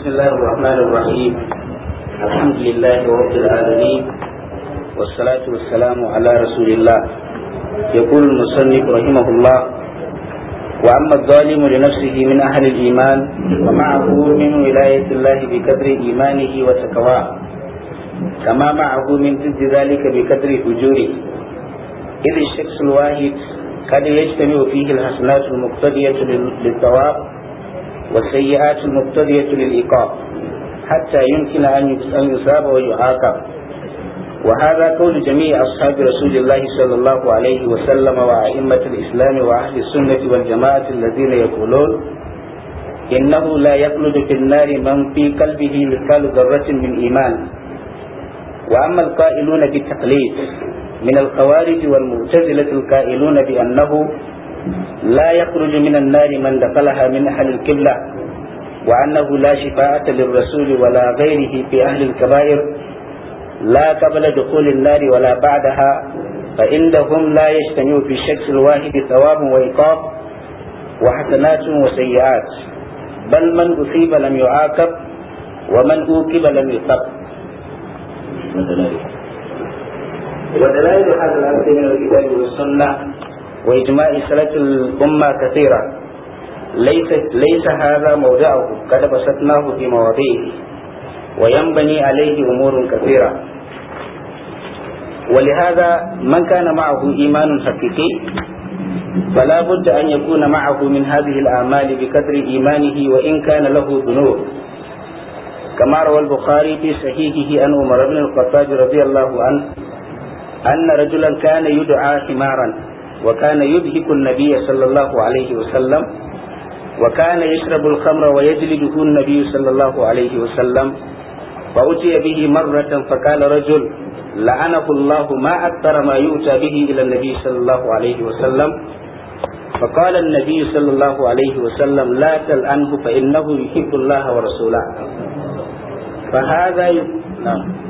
بسم الله الرحمن الرحيم الحمد لله رب العالمين والصلاة والسلام على رسول الله يقول المصنف رحمه الله وأما الظالم لنفسه من أهل الإيمان ومعه من ولاية الله بقدر إيمانه وتقواه كما معه من ضد ذلك بقدر فجوره إذ الشخص الواحد قد يجتمع فيه الحسنات المقتضية للثواب والسيئات المقتضية للإيقاف حتى يمكن أن يصاب ويعاقب وهذا قول جميع أصحاب رسول الله صلى الله عليه وسلم وأئمة الإسلام وأهل السنة والجماعة الذين يقولون إنه لا يخلد في النار من في قلبه مثقال ذرة من إيمان وأما القائلون بالتقليد من الخوارج والمعتزلة القائلون بأنه لا يخرج من النار من دخلها من أهل القبلة وأنه لا شفاعة للرسول ولا غيره في أهل الكبائر لا قبل دخول النار ولا بعدها فإنهم لا يجتمع في الشخص الواحد ثواب وإيقاف وحسنات وسيئات بل من أصيب لم يعاقب ومن أوكب لم يصب ودلائل هذا الأمر من الكتاب والسنة وإجماع سلف الأمة كثيرا ليس, ليس هذا موضعه قد بسطناه في مواضعه وينبني عليه أمور كثيرة ولهذا من كان معه إيمان حقيقي فلا بد أن يكون معه من هذه الأعمال بقدر إيمانه وإن كان له ذنوب كما روى البخاري في صحيحه عن عمر بن الخطاب رضي الله عنه أن رجلا كان يدعى حمارا وكان يبهك النبي صلى الله عليه وسلم وكان يشرب الخمر ويجلده النبي صلى الله عليه وسلم فأتي به مرة فقال رجل لعنه الله ما أكثر ما يؤتى به إلى النبي صلى الله عليه وسلم فقال النبي صلى الله عليه وسلم لا تلعنه فإنه يحب الله ورسوله فهذا نعم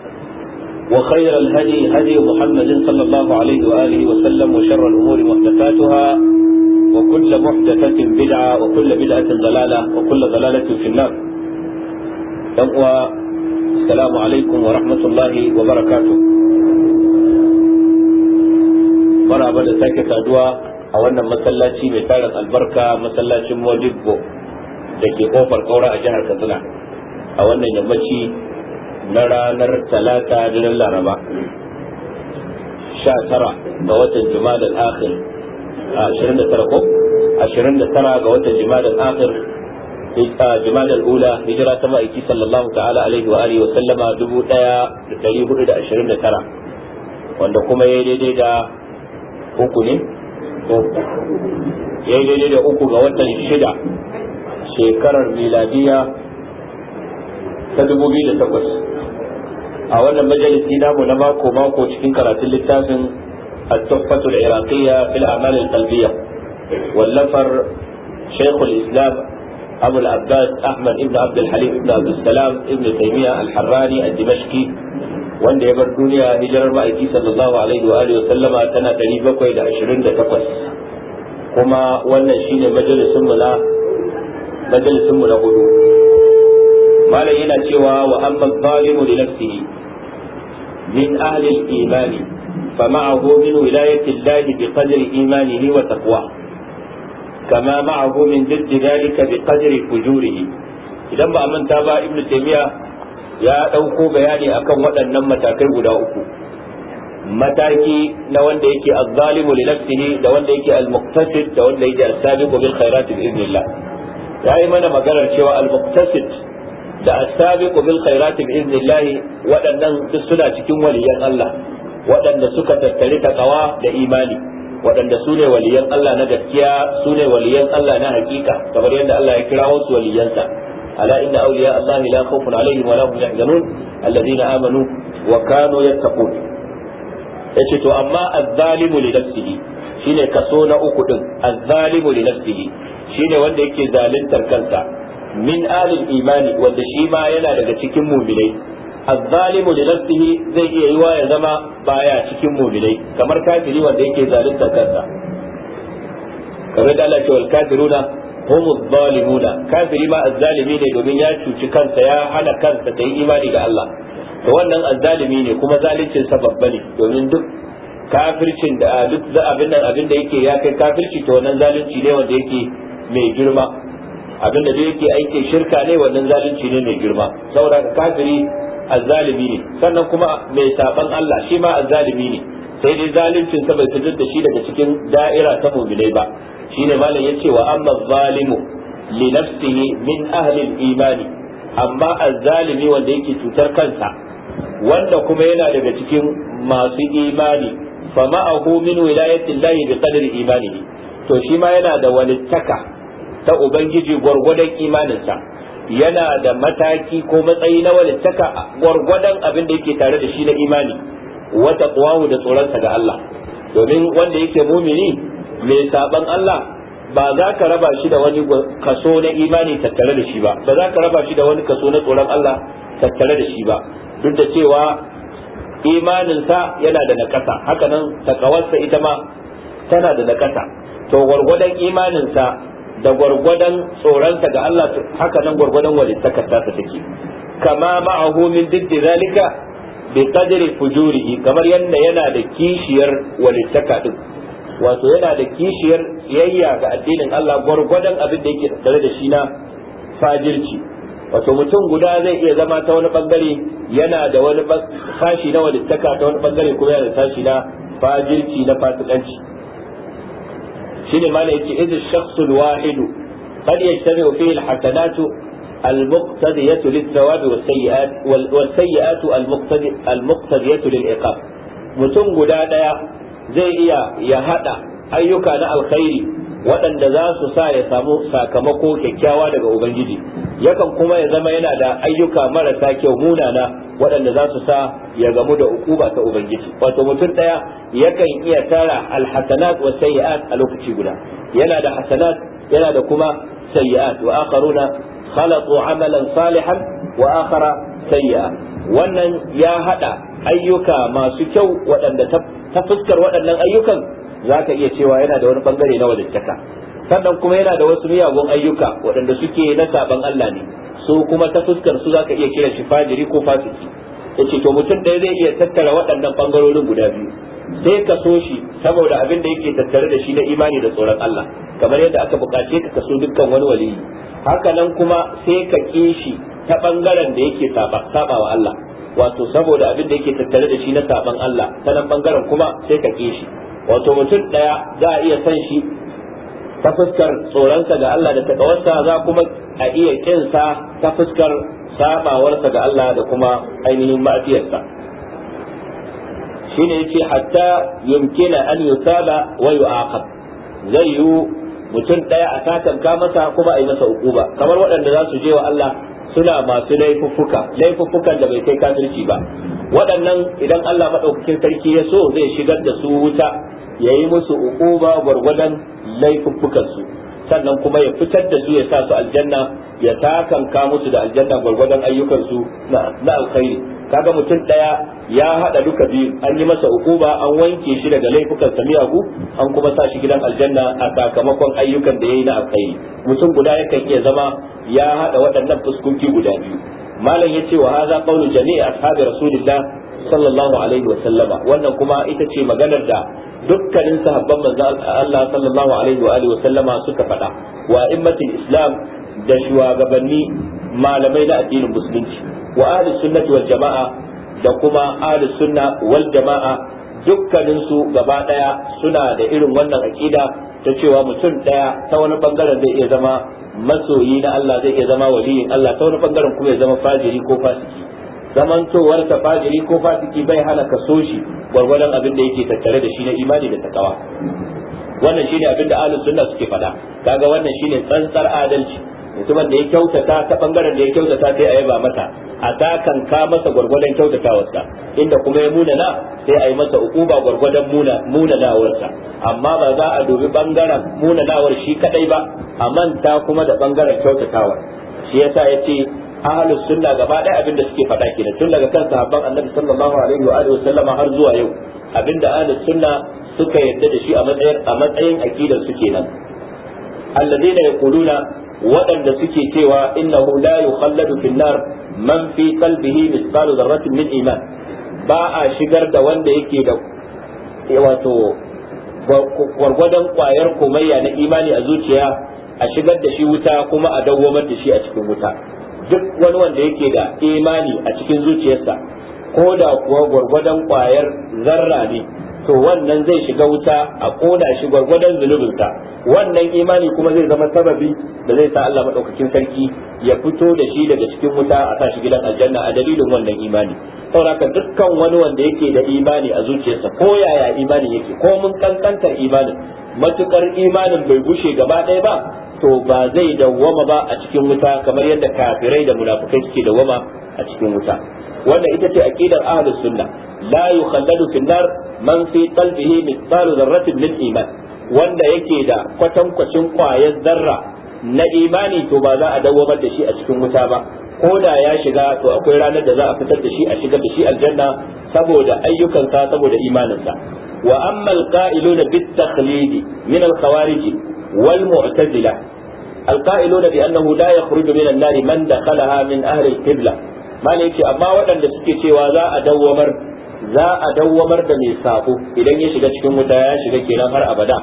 وخير الهدي هدي محمد صلى الله عليه وآله وسلم وشر الأمور محدثاتها وكل محدثة بدعة وكل بدعة ضلالة وكل ضلالة في النار السلام عليكم ورحمة الله وبركاته مرحبا da sake saduwa a wannan masallaci mai tarin albarka masallacin Modibbo da ke kofar kaura a jihar Katsina a wannan yammaci na ranar talata daren laraba sha tara ga watan jumada a ashirin da tara ko ashirin da tara ga watan jumada al'akhir jumada al'ula hijira ta ma'aiki sallallahu ta'ala alaihi wa alihi wa sallama dubu daya da dari hudu da ashirin da tara wanda kuma ya daidai da uku ne ya daidai da uku ga watan shida shekarar miladiya ta dubu biyu da takwas a wannan majalisi namu na mako mako cikin karatun littafin التحفة العراقية في الأعمال القلبية واللفر شيخ الإسلام أبو العباس أحمد بن عبد الحليم بن عبد السلام بن تيمية الحراني الدمشقي wanda ya bar duniya hijirar ma'aiki sallallahu alaihi wa alihi sallama tana 728 kuma wannan shine majalisin mu na mu na hudu Malami yana cewa wa amma zalimu من أهل الإيمان فمعه من ولاية الله بقدر إيمانه وتقواه كما معه من ضد ذلك بقدر فجوره idan ba a manta ba ibn taymiya ya ɗauko bayani akan waɗannan matakai guda uku mataki na wanda yake azzalimu li nafsihi da wanda yake al-muqtasid da wanda yake as-sabiqu bil khairat bi idnillah yayi mana maganar cewa al-muqtasid da asabiqu bil khairati bi iznillah waɗannan duk suna cikin waliyan Allah waɗanda suka tattare takawa da imani waɗanda su ne waliyan Allah na gaskiya su ne waliyan Allah na hakika kamar yadda Allah ya kira wasu waliyansa ala inna awliya Allah la khawfun alaihim wa la hum yahzanun alladhina amanu wa kanu yattaqun yace to amma az-zalimu li nafsihi shine kaso na uku din az-zalimu li nafsihi shine wanda yake zaluntar kansa min alil imani wanda shi ma yana daga cikin muminai azzalimu li nafsihi zai iya yiwa ya zama baya cikin muminai kamar kafiri wanda yake zalunta kansa kamar da Allah ya wal kafiruna hum zalimuna kafiri ma azzalimi ne domin ya cuci kansa ya hana kansa ta yi imani ga Allah to wannan azzalimi ne kuma zaluncin sa babba ne domin duk kafircin da duk abin nan abin da yake ya kai kafirci to wannan zalunci ne wanda yake mai girma abin da yake aiki shirka ne wannan zalunci ne mai girma saboda kafiri azzalimi ne sannan kuma mai saban Allah shi ma azzalimi ne sai dai zaluncin sa bai fitar da shi daga cikin da'ira ta mu'minai ba shine malam yace wa amma zalimu li nafsihi min ahli imani amma azzalimi wanda yake cutar kansa wanda kuma yana daga cikin masu imani fa ma'ahu min wilayati llahi bi qadri imanihi to shi ma yana da walittaka ta ubangiji gwargwadon imaninsa yana da mataki ko matsayi na wani taka gwargwadon abin da yake tare da shi na imani wata tsawahu da tsoronsa ga Allah domin wanda yake mumini mai saban Allah ba za ka raba shi da wani kaso na imani tattare da shi ba ba za ka raba shi da wani kaso na tsoron Allah tattare da shi ba duk da cewa imaninsa yana da nakasa hakanan takawarsa ita ma tana da nakasa to gwargwadon imaninsa da gwargwadon tsoronta ga Allah haka nan gwargwadon walittakar ta take kama ma'ahu min diddi zalika bi qadri fujurihi kamar yadda yana da kishiyar walittaka din wato yana da kishiyar siyayya ga addinin Allah gwargwadon abin da yake tare da shi na fajirci wato mutum guda zai iya zama ta wani bangare yana da wani sashi na walittaka ta wani bangare kuma yana da sashi na fajirci na fasikanci shine malai yake idh shakhsul wahid qad yajtami fi al hasanat al muqtadiyat lil thawab wa sayiat wa sayiat al muqtadi al muqtadiyat lil iqab mutum guda ɗaya zai iya ya hada ayyuka na alkhairi waɗanda za su sa ya samu sakamako kyakkyawa daga ubangiji yakan kuma ya zama yana da ayyuka marasa kyau munana waɗanda za su sa ya gamu da ukuba ta ubangiji wato mutum ɗaya yakan iya tara alhasanat wa sayyi'at a lokaci guda yana da hasanat yana da kuma sayyi'at wa akharuna khalaqu amalan salihan wa akhara sayyi'a wannan ya hada ayyuka masu kyau waɗanda ta fuskar waɗannan ayyukan za ka iya cewa yana da wani bangare na walittaka sannan kuma yana da wasu miyagun ayyuka waɗanda suke na saban Allah ne su kuma ta fuskar su za ka iya kira shi fajiri ko fasiki ce to mutum ɗaya zai iya tattara waɗannan bangarorin guda biyu sai ka so shi saboda abin da yake tattare da shi na imani da tsoron Allah kamar yadda aka buƙace ka kaso dukkan wani waliyi haka nan kuma sai ka ƙi shi ta bangaren da yake saba wa Allah wato saboda abin da yake tattare da shi na saban Allah ta nan bangaren kuma sai ka ƙi shi wato mutum ɗaya za a iya san shi ta fuskar tsoronsa ga Allah da takawarsa za kuma a iya kinsa ta fuskar saɓawarsa ga Allah da kuma ainihin ma'afiyarsa shine yace hatta yumkina an yusaba wa yu'aqab zai yi mutum ɗaya a takanka masa kuma a yi masa ukuba kamar waɗanda za su je wa Allah suna masu laifuffuka laifuffukan da bai kai kafirci ba waɗannan idan Allah maɗaukakin sarki ya so zai shigar da su wuta ya yi musu uquba gwargwadon laifuffukansu sannan kuma ya fitar da su ya sa su aljanna ya takanka musu da aljanna gwargwadon ayyukansu na alkhairi kaga mutum daya ya hada duka biyu an yi masa ukuba an wanke shi daga laifukan sa miyagu an kuma sa shi gidan aljanna a sakamakon ayyukan da yayi na alkhairi mutum guda yakan iya zama ya hada waɗannan fuskoki guda biyu malam yace wa hadha qawlu jami'i ashabi rasulillah sallallahu alaihi wa sallama wannan kuma ita ce maganar da dukkanin sahabban manzo Allah sallallahu alaihi wa alihi wa sallama suka faɗa wa immatul islam da shugabanni malamai na addinin musulunci wa ahli sunnati wal jama'a da kuma ahli sunna wal jama'a dukkanin su gaba daya suna da irin wannan aqida ta cewa mutum daya ta wani bangaren zai iya zama masoyi na Allah zai iya zama waliyin Allah ta wani bangaren kuma ya zama fajiri ko fasiki zamantowar ka fajiri ko fasiki bai hana ka so shi gwargwadon abin da yake tattare da shi na imani da takawa wannan shine abin da ahlus sunna suke faɗa kaga wannan shine tsantsar adalci mutumin da ya kyautata ta bangaren da ya kyautata sai a yaba mata. a takan ka masa gwargwadon kyautatawarsa inda kuma ya munana sai a yi masa ukuba gwargwadon munanawarsa amma ba za a dubi bangaren munanawar shi kadai ba a manta kuma da bangaren kyautatawar shi yasa ce. ahalu sunna gaba ɗaya abin da suke faɗa kenan tun daga kan sahabban annabi sallallahu alaihi wa alihi wasallama har zuwa yau abin da ahalu sunna suka yarda da shi a matsayin a matsayin akidar su kenan alladheena yaquluna waɗanda suke cewa innahu la yukhalladu fil nar man fi qalbihi mithqalu dharratin min iman ba a shigar da wanda yake da eh, wato gwargwadon kwayar komayya na imani a zuciya a shigar da shi wuta kuma a dawwamar da shi a cikin wuta duk wani wanda yake da imani a cikin zuciyarsa ko da kuwa gwargwadon kwayar zarra ne to wannan zai shiga wuta a koda shi gwargwadon zunubinsa wannan imani kuma zai zama sababi da zai sa Allah maɗaukakin sarki ya fito da shi daga cikin wuta a sa shi gidan aljanna a dalilin wannan imani sauraka dukkan wani wanda yake da imani a zuciyarsa ko yaya imani yake ko mun kankantar imanin matukar imanin bai gushe gaba ɗaya ba to ba zai dawwama ba a cikin wuta kamar yadda kafirai da munafukai suke dawwama a cikin wuta wanda ita ce aqidar ahlus sunna la yukhalladu fi nar man fi qalbihi mithqalu dharratin min iman wanda yake da kwatankwacin kwayar zarra na imani to ba za a dawwama da shi a cikin wuta ba ko da ya shiga to akwai ranar da za a fitar da shi a shigar da shi aljanna saboda ayyukansa saboda imaninsa wa amma alqa'iluna bit takhlidi min al wal mu'tazila alqa'iluna bi annahu la yakhruju min an-nar man dakhalaha min ahli al-qibla malai yace amma waɗanda suke cewa za a dawwamar da mai sako idan ya shiga cikin wuta ya shiga kenan har abada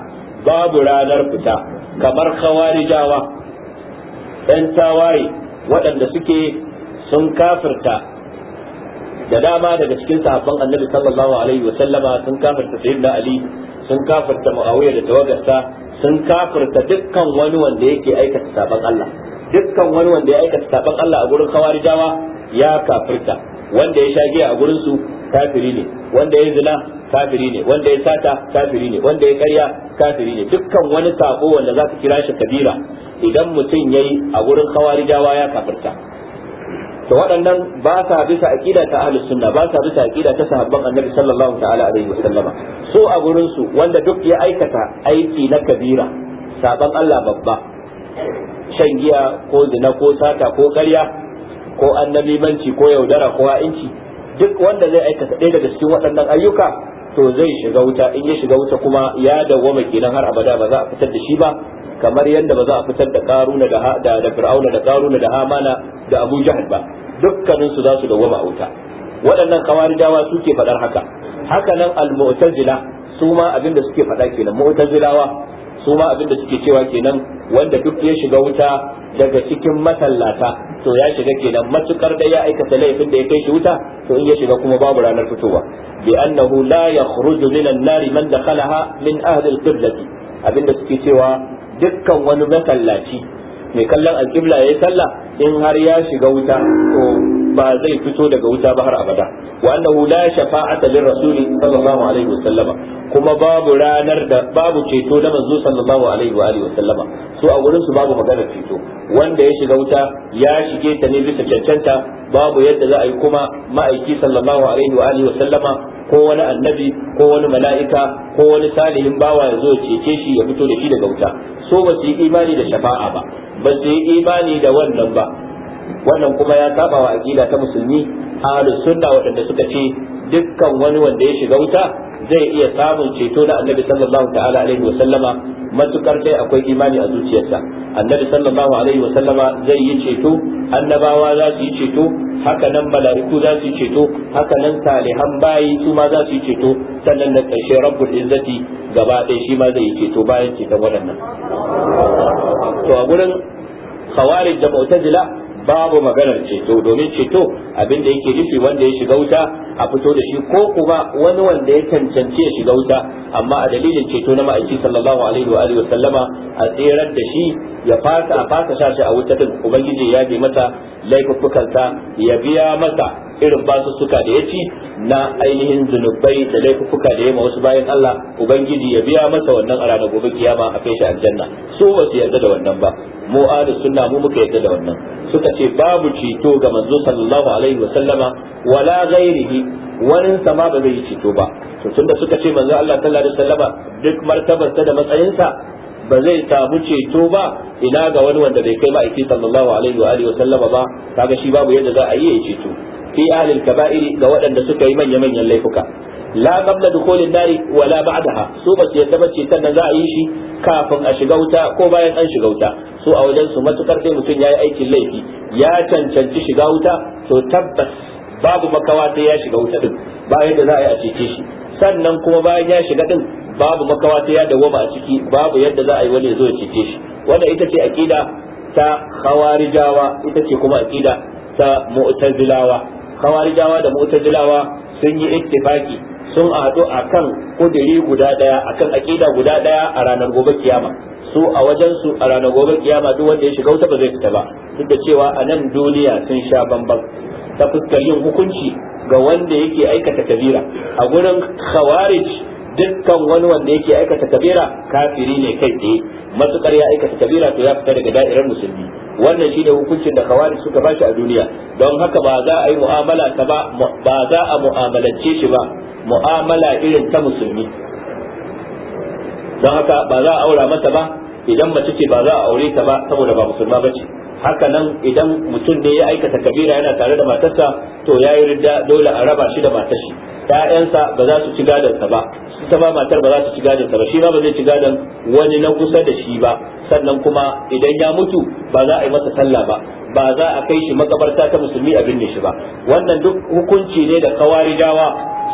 babu ranar fita kamar khawarijawa ɗan waɗanda suke sun kafirta da dama daga cikin sahabban annabi sallallahu alaihi wa sallama sun kafirta sayyidina ali sun kafirta muawiya da tawagarsa sun kafirta dukkan wani wanda yake aikata saban Allah dukkan wani wanda ya aikata saban Allah a gurin kawarijawa ya kafirta wanda ya shagiya a gurin su kafiri ne wanda ya zina kafiri ne wanda ya sata kafiri ne wanda ya karya kafiri ne dukkan wani sako wanda zaka kira shi kabira idan mutum yayi a gurin kawarijawa ya kafirta to waɗannan ba sa bisa aqida ta ahlus sunna ba sa bisa aqida ta sahabban annabi sallallahu ta'ala alaihi wasallama so a gurin su wanda duk ya aikata aiki na kabira saban Allah babba shan giya ko zina ko sata ko ƙarya ko annabi, manci, ko yaudara ko ha'inci duk wanda zai aikata ɗaya daga cikin waɗannan ayyuka to zai shiga wuta in ya shiga wuta kuma ya dawwama kenan har abada ba za a fitar da shi ba kamar yadda ba za a fitar da karuna da da fir'auna da karuna da hamana da abu ba dukkanin su za su dawwama a wuta waɗannan kawarijawa suke faɗar haka haka nan al-mu'tazila su ma abinda suke faɗa kenan mu'tazilawa su ma abinda suke cewa kenan wanda duk ya shiga wuta daga cikin masallata to ya shiga kenan matukar da ya aikata laifin da ya kai shi wuta to in ya shiga kuma babu ranar fitowa bi annahu la yakhruju min an-nar man dakhalaha min ahli al-qiblati abinda suke cewa dukkan wani masallaci mai kallon alƙibla ya yi sallah in har ya shiga wuta to ba zai fito daga wuta ba har abada wa annahu la shafa'ata lir rasuli sallallahu alaihi wasallama kuma babu ranar da babu ceto da manzo sallallahu alaihi wa alihi wasallama So a gurin su babu magana ceto wanda ya shiga wuta ya shige ta ne bisa cancanta babu yadda za a yi kuma ma'aiki sallallahu alaihi wa alihi wasallama ko wani annabi ko wani mala'ika ko wani salihin bawa ya zo cece shi ya fito da shi daga wuta so ba su yi imani da shafa'a ba ba su yi imani da wannan ba wannan kuma ya saba wa aqida ta musulmi ahlus sunna waɗanda suka ce dukkan wani wanda ya shiga wuta zai iya samun ceto na annabi sallallahu ta'ala alaihi wa sallama matukar dai akwai imani a zuciyarsa annabi sallallahu alaihi wasallama zai yi ceto annabawa za su yi ceto haka nan mala'iku za su yi ceto haka nan salihan bayi su ma za su yi ceto sannan na ƙarshe rabbul izzati gaba ɗaya shi ma zai yi ceto bayan ceton waɗannan to a gurin khawarij da mu'tazila babu maganar ceto domin ceto abin da yake nufi wanda ya shiga wuta a fito da shi ko kuma wani wanda ya cancanci ya shiga wuta amma a dalilin ceto na ma'aiki sallallahu alaihi wa alihi sallama a tserar da shi ya fasa a fasa shi a wuta din ubangiji ya bi mata laifuffukansa ya biya masa irin suka da ya ci na ainihin zunubai da laifuka da ya ma wasu bayan Allah ubangiji ya biya masa wannan a ranar gobe kiyama a kai shi aljanna su ba su yarda da wannan ba mu ahlus sunna mu muka yarda da wannan suka ce babu cito ga manzo sallallahu alaihi wa sallama wala ghairihi wani sama ba zai cito ba to tunda suka ce manzo Allah sallallahu alaihi wa sallama duk ta da matsayinsa ba zai samu ceto ba ina ga wani wanda bai kai ma'aiki sallallahu alaihi wa alihi wa sallama ba kaga shi babu yadda za a yi ya ceto fi ahlil kaba'ir ga waɗanda suka yi manya manyan laifuka la qabla dukhulin nari wa la ba'daha su ba su yadda bace sannan za a yi shi kafin a shiga wuta ko bayan an shiga wuta su a wajen su matukar dai mutum yayi aikin laifi ya cancanci shiga wuta to tabbas babu makawa sai ya shiga wuta din ba yadda za a yi a shi sannan kuma bayan ya shiga din babu makawa sai ya dawwama a ciki babu yadda za a yi wani ya zo ya cece shi wanda ita ce aqida ta hawarijawa ita ce kuma aqida ta mu'tazilawa khawarijawa da mu'tazilawa sun yi ittifaki sun haɗu a kan kudiri guda a akan aƙida guda ɗaya a ranar gobe kiyama su a wajensu a ranar gobe kiyama duk wanda ya shiga wuta ba zai fita ba duk da cewa a nan duniya sun sha bambam ta fuskar yin hukunci ga wanda yake aikata kabira a gurin kawarij. dukkan wani wanda yake aikata kabira kafiri ne kai tsaye matukar ya aikata kabira to ya fita daga da'irar musulmi wannan shine hukuncin da kawari suka bashi a duniya don haka ba za a yi mu'amala ta ba ba za a mu'amalance shi ba mu'amala irin ta musulmi don haka ba za a aura mata ba idan mace ce ba za a aure ta ba saboda ba musulma bace haka nan idan mutum ne ya aikata kabira yana tare da matarsa to ya yi ridda dole a raba shi da matar shi ƴaƴansa ba za su ci gadonsa ba ita ma matar ba za su ci gadonsa ba shi ma ba zai ci gadon wani na kusa da shi ba sannan kuma idan ya mutu ba za a yi masa sallah ba ba za a kai shi makabarta ta musulmi a binne shi ba wannan duk hukunci ne da kawarijawa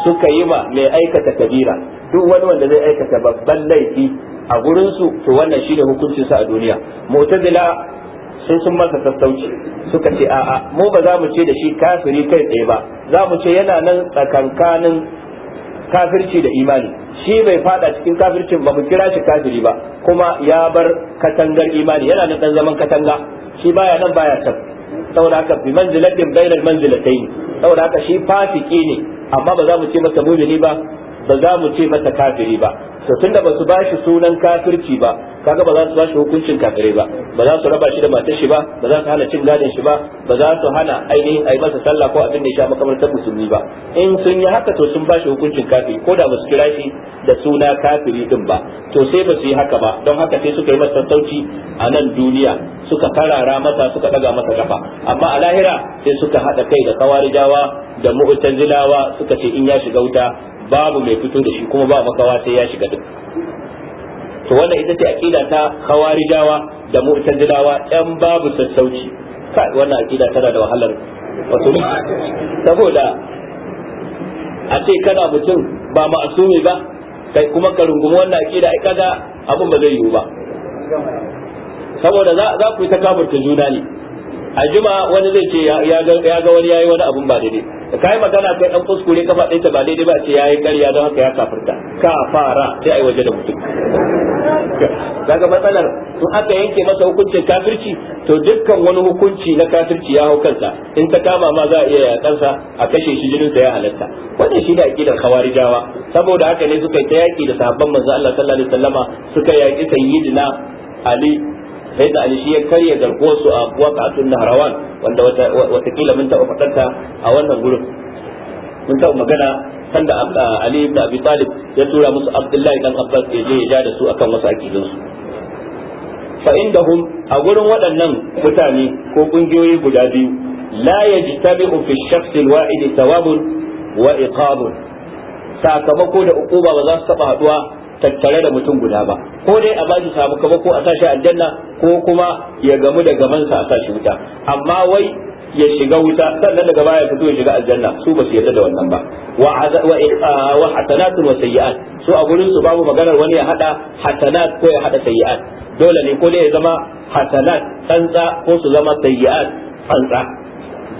suka yi ma mai aikata kabira duk wani wanda zai aikata babban laifi a gurinsu to wannan shi ne hukuncinsa a duniya mu'tazila sai sun masa sassauci suka ce a'a mu ba za mu ce da shi kafiri kai tsaye ba za mu ce yana nan tsakankanin kafirci da imani shi bai fada cikin kafircin ba mu kira shi kafiri ba kuma ya bar katangar imani yana nan dan zaman katanga shi baya nan baya can saboda haka bi manzilatin bainal manzilatayn saboda haka shi fasiki ne amma ba za mu ce masa mumini ba ba za mu ce masa kafiri ba to tunda ba su bashi sunan kafirci ba kaga ba za su bashi hukuncin kafirai ba ba za su raba shi da matar shi ba ba za su hana cin gadin shi ba ba za su hana ainihin a yi masa sallah ko abin da ya sha makamantar musulmi ba in sun yi haka to sun bashi hukuncin kafiri ko da ba kira shi da suna kafiri din ba to sai ba su yi haka ba don haka sai suka yi masa sassauci a nan duniya suka karara masa suka daga masa kafa amma a lahira sai suka haɗa kai da kawarijawa da mu'tazilawa suka ce in ya shiga wuta babu mai fito da shi kuma ba makawa sai ya shiga to wannan ita ce aqida ta khawarijawa da mu'tazilawa ɗan babu sassauci kai wannan aqida tana da wahalar wato saboda a ce kana mutum ba ma'asumi ba kai kuma ka rungumi wannan aqida ai kaga abin ba zai yiwu ba saboda za ku yi ta kafirta juna ne a juma wani zai ce ya ga wani yayi wani abun ba daidai da kai magana kai dan kuskure ka faɗe ta ba daidai ba ce yayi ƙarya don haka ya kafirta ka fara sai ai waje da mutum daga matsalar in aka yanke masa hukuncin kafirci to dukkan wani hukunci na kafirci ya hau kansa in ta kama ma za a iya sa a kashe shi jinin sa ya halatta wannan shi da aqidar khawarijawa saboda haka ne suka yi ta yaki da sahabban manzo Allah sallallahu alaihi wasallama suka yaki sayyidina Ali sai da ali shi ya karya garkuwar su a waqatun harawan wanda watakila mun taɓa faɗanta a wannan gurin mun taɓa magana sanda ah, ah, ali ibn abi talib ya tura musu abdullahi dan abbas ya je ya ja da su akan wasu akidun su fa indahum a gurin waɗannan mutane ko kungiyoyi guda biyu la yajtabi'u fi shakhs al-wa'id thawabun wa iqabun sakamako da ukuba ba za su taba haduwa tattare da mutum guda ba ko dai a shi samu kaba ko a sashi aljanna ko kuma ya gamu da gabansa a sashi wuta amma wai ya shiga wuta sannan daga baya fito ya shiga aljanna su ba su yarda da wannan ba wa eh, ah, hasanatun wa sayiat su a gurin su babu maganar wani ya hada hatanat ko ya hada sayiat dole ne ko dai ya zama hatanat tsantsa ko su zama sayiat tsantsa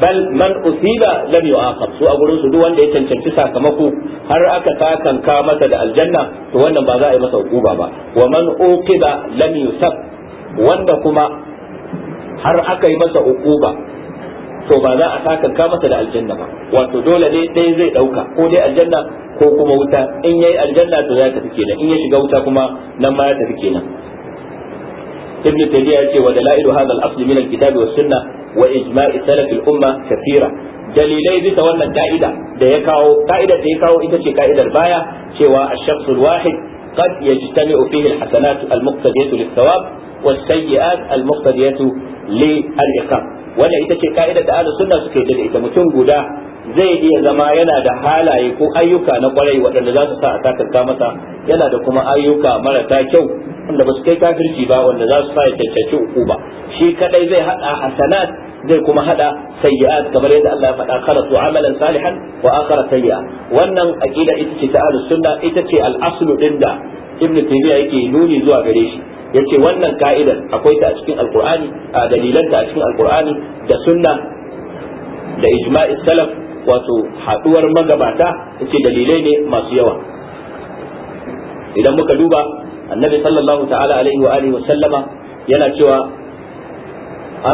bal man usiba lam yu'aqab su a gurin su duk wanda ya cancanci sakamako har aka takanka masa da aljanna to wannan ba za a yi masa hukuma ba wa man uqiba lam yusab wanda kuma har aka yi masa hukuma to ba za a takanka masa da aljanna ba wato dole ne ɗaya zai ɗauka ko dai aljanna ko kuma wuta in yayi aljanna to ya tafi kenan in ya shiga wuta kuma nan ma ya tafi kenan ابن تيمية ودلائل هذا الأصل من الكتاب والسنة وإجماع سلف الأمة كثيرة dalilai bisa wannan ka'ida da ya kawo ka'idar da ya kawo ita ce ka'idar baya cewa ash-shakhs al-wahid qad yajtami'u fihi al-hasanat al-muqtadiyat lis-sawab was-sayyi'at al-muqtadiyat li al-iqam wannan ita ce ka'idar da ahlus sunna suke da ita mutum guda zai iya zama yana da halaye ko ayyuka na kwarai waɗanda za su sa a takarta masa yana da kuma ayyuka marata kyau wanda ba su kai kafirci ba wanda za su sa ya cancanci uku ba shi kadai zai hada hasanat zai kuma hada sayyi'at kamar yadda Allah ya faɗa khalatu amalan salihan wa akhara sayyi'a wannan aqida ita ce ta al sunna ita ce al ɗin din da ibnu taymiya yake nuni zuwa gare shi yace wannan ka'idar akwai ta a cikin alqur'ani a dalilan ta a cikin alqur'ani da sunna da ijma'i salaf wato haduwar magabata yace dalilai ne masu yawa idan muka duba annabi sallallahu ta'ala alaihi wa alihi wa sallama yana cewa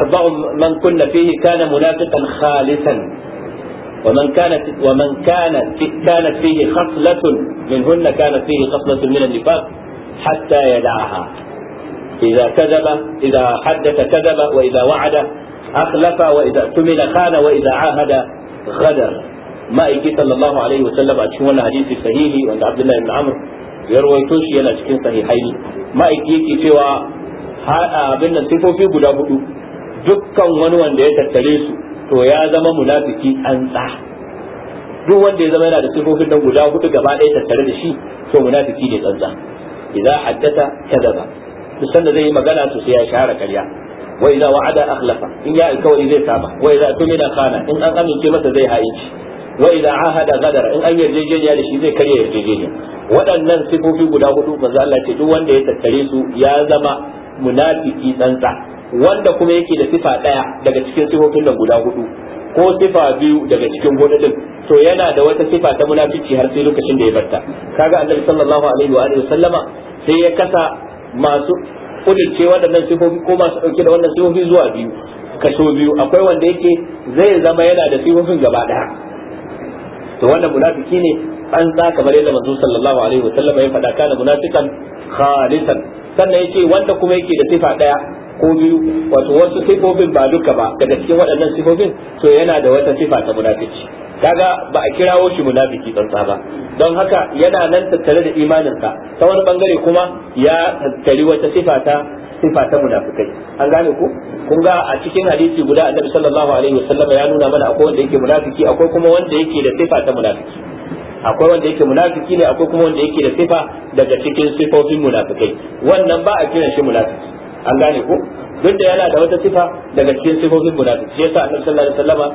arba'un man kunna fihi kana munafiqan khalisan ومن كانت ومن كانت كانت فيه خصلة منهن كانت فيه خصلة من النفاق حتى يدعها إذا كذب إذا حدث كذب وإذا وعد أخلف وإذا اؤتمن خان وإذا عاهد ghadar ma'aiki sallallahu alaihi wa sallam a cikin wannan hadisi sahihi wanda Abdullah ibn Amr ya rawaito shi yana cikin sahihai ma'aiki yake cewa abin nan sifofi guda hudu dukkan wani wanda ya tattare su to ya zama munafiki an tsa duk wanda ya zama yana da sifofin nan guda hudu gaba ɗaya tattare da shi to munafiki ne tsantsa idza haddatha kadaba duk sanda zai yi magana to sai ya share karya. wa idza wa'ada akhlafa in ya alkawari zai saba wa idza tumina khana in an amince masa zai haici wa idza ahada gadara in an yarjejeniya da shi zai karya yarjejeniya waɗannan sifofi guda hudu manzo Allah ce duk wanda ya tattare su ya zama munafiki tsantsa wanda kuma yake da sifa daya daga cikin sifofin nan guda hudu ko sifa biyu daga cikin hududin to yana da wata sifa ta munafici har sai lokacin da ya barta kaga annabi sallallahu alaihi wa alihi sallama sai ya kasa masu ce waɗannan sifofi ko masu ɗauke da wannan sifofi zuwa biyu kaso biyu akwai wanda yake zai zama yana da sifofin gaba ɗaya to wannan munafiki ne an za kamar yadda manzo sallallahu alaihi wa sallam ya faɗa kana munafikan khalisan sannan yake wanda kuma yake da sifa ɗaya ko biyu wato wasu sifofin ba duka ba daga cikin waɗannan sifofin to yana da wata sifa ta munafici kaga ba a kirawo shi munafiki dan ba don haka yana nan tattare da imaninsa ta wani bangare kuma ya tattari wata sifa ta sifa ta munafikai an gane ku kun ga a cikin hadisi guda annabi sallallahu alaihi wasallam ya nuna mana akwai wanda yake munafiki akwai kuma wanda yake da sifa ta munafiki akwai wanda yake munafiki ne akwai kuma wanda yake da sifa daga cikin sifofin munafikai wannan ba a kiran shi munafiki an gane ku duk da yana da wata sifa daga cikin sifofin biyu shi yasa annabi sallallahu alaihi wasallama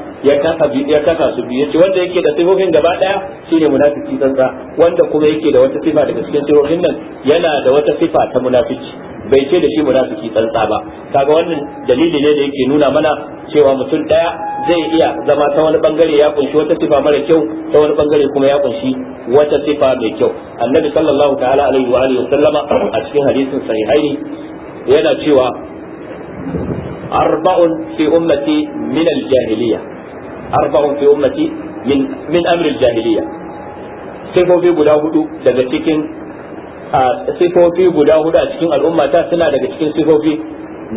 ya kasa su biye ce wanda yake da sifofin gaba daya shine munafiki tsantsa wanda kuma yake da wata sifa daga cikin sifofin nan yana da wata sifa ta munafiki bai ce da shi munafiki tsantsa ba kaga wannan dalili ne da yake nuna mana cewa mutum daya zai iya zama ta wani bangare ya kunshi wata sifa mara kyau ta wani bangare kuma ya kunshi wata sifa mai kyau annabi sallallahu ta'ala alaihi wa alihi wasallama a cikin hadisin sahihaini yana cewa arba'un fi ummati min al-jahiliya arba'un fi ummati min min amr al-jahiliya sifofi guda hudu daga cikin sifofi guda hudu a cikin al'ummata suna daga cikin sifofi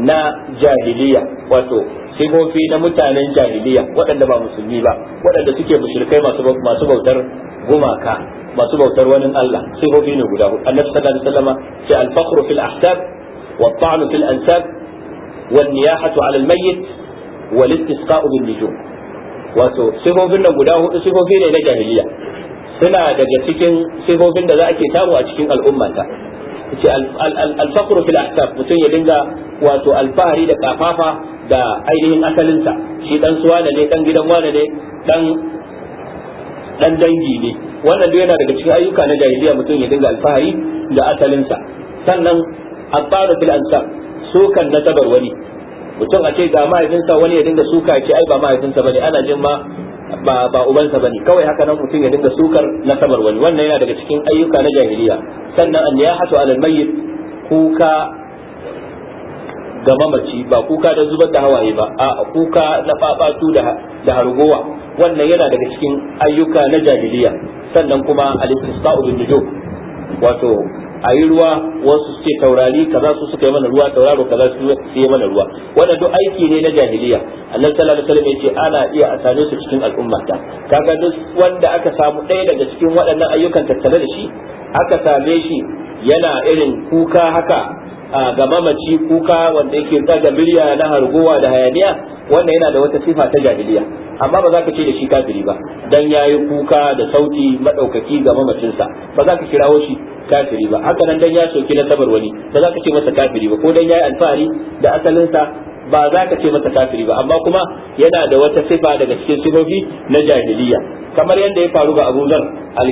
na jahiliya wato sifofi na mutanen jahiliya waɗanda ba musulmi ba waɗanda suke mushrikai masu bautar gumaka masu bautar wani Allah sifofi ne guda hudu annabi sallallahu alaihi wasallam ce al-fakhru fil ahsab wa at-ta'nu fil ansab wal niyahatu ala al-mayyit wal istisqa'u bin wato sifofin nan guda hudu sifofi ne na jahiliya suna daga cikin sifofin da za a ke samu a cikin al'ummata ce alfakru fil ahsab mutum ya dinga wato alfahari da kafafa da ainihin asalinsa shi dan suwana ne dan gidan wane ne dan dan dangi ne wannan duk yana daga cikin ayyuka na jahiliya mutum ya dinga alfahari da asalinsa sannan abbaru fil ansab sukan tabar wani mutum a ce ga mahaifinsa wani ya dinga suka ya ce ai ba mahaifinsa bane ana jin ma ba ba ubansa bane kawai haka nan mutum ya dinga sukar nasabar wani wannan yana daga cikin ayyuka na jahiliya sannan an ya hatu alal mayyit kuka ga mamaci ba kuka da zubar da hawaye ba a kuka na fafatu da da hargowa wannan yana daga cikin ayyuka na jahiliya sannan kuma al-istisqa'u bin wato a yi ruwa wasu suke taurari kaza su suka yi mana ruwa tauraro kaza su yi mana ruwa wanda duk aiki ne na jahiliya annabi sallallahu alaihi wasallam yace ana iya a same su cikin al'ummata kaga duk wanda aka samu ɗaya daga cikin waɗannan ayyukan tattare da shi aka same shi yana irin kuka haka ga mamaci kuka wanda yake daga miliya na harguwa da hayaniya wannan yana da wata sifa ta jahiliya amma ba za ka ce da shi kafiri ba dan yayi kuka da sauti madaukaki ga mamacinsa ba za ka kirawo shi kafiri ba haka nan dan ya soki na sabar wani ba za ka ce masa kafiri ba ko dan yayi alfahari da asalinsa ba za ka ce masa kafiri ba amma kuma yana da wata sifa daga cikin sifofi na jahiliya kamar yadda ya faru ga Abu Zar al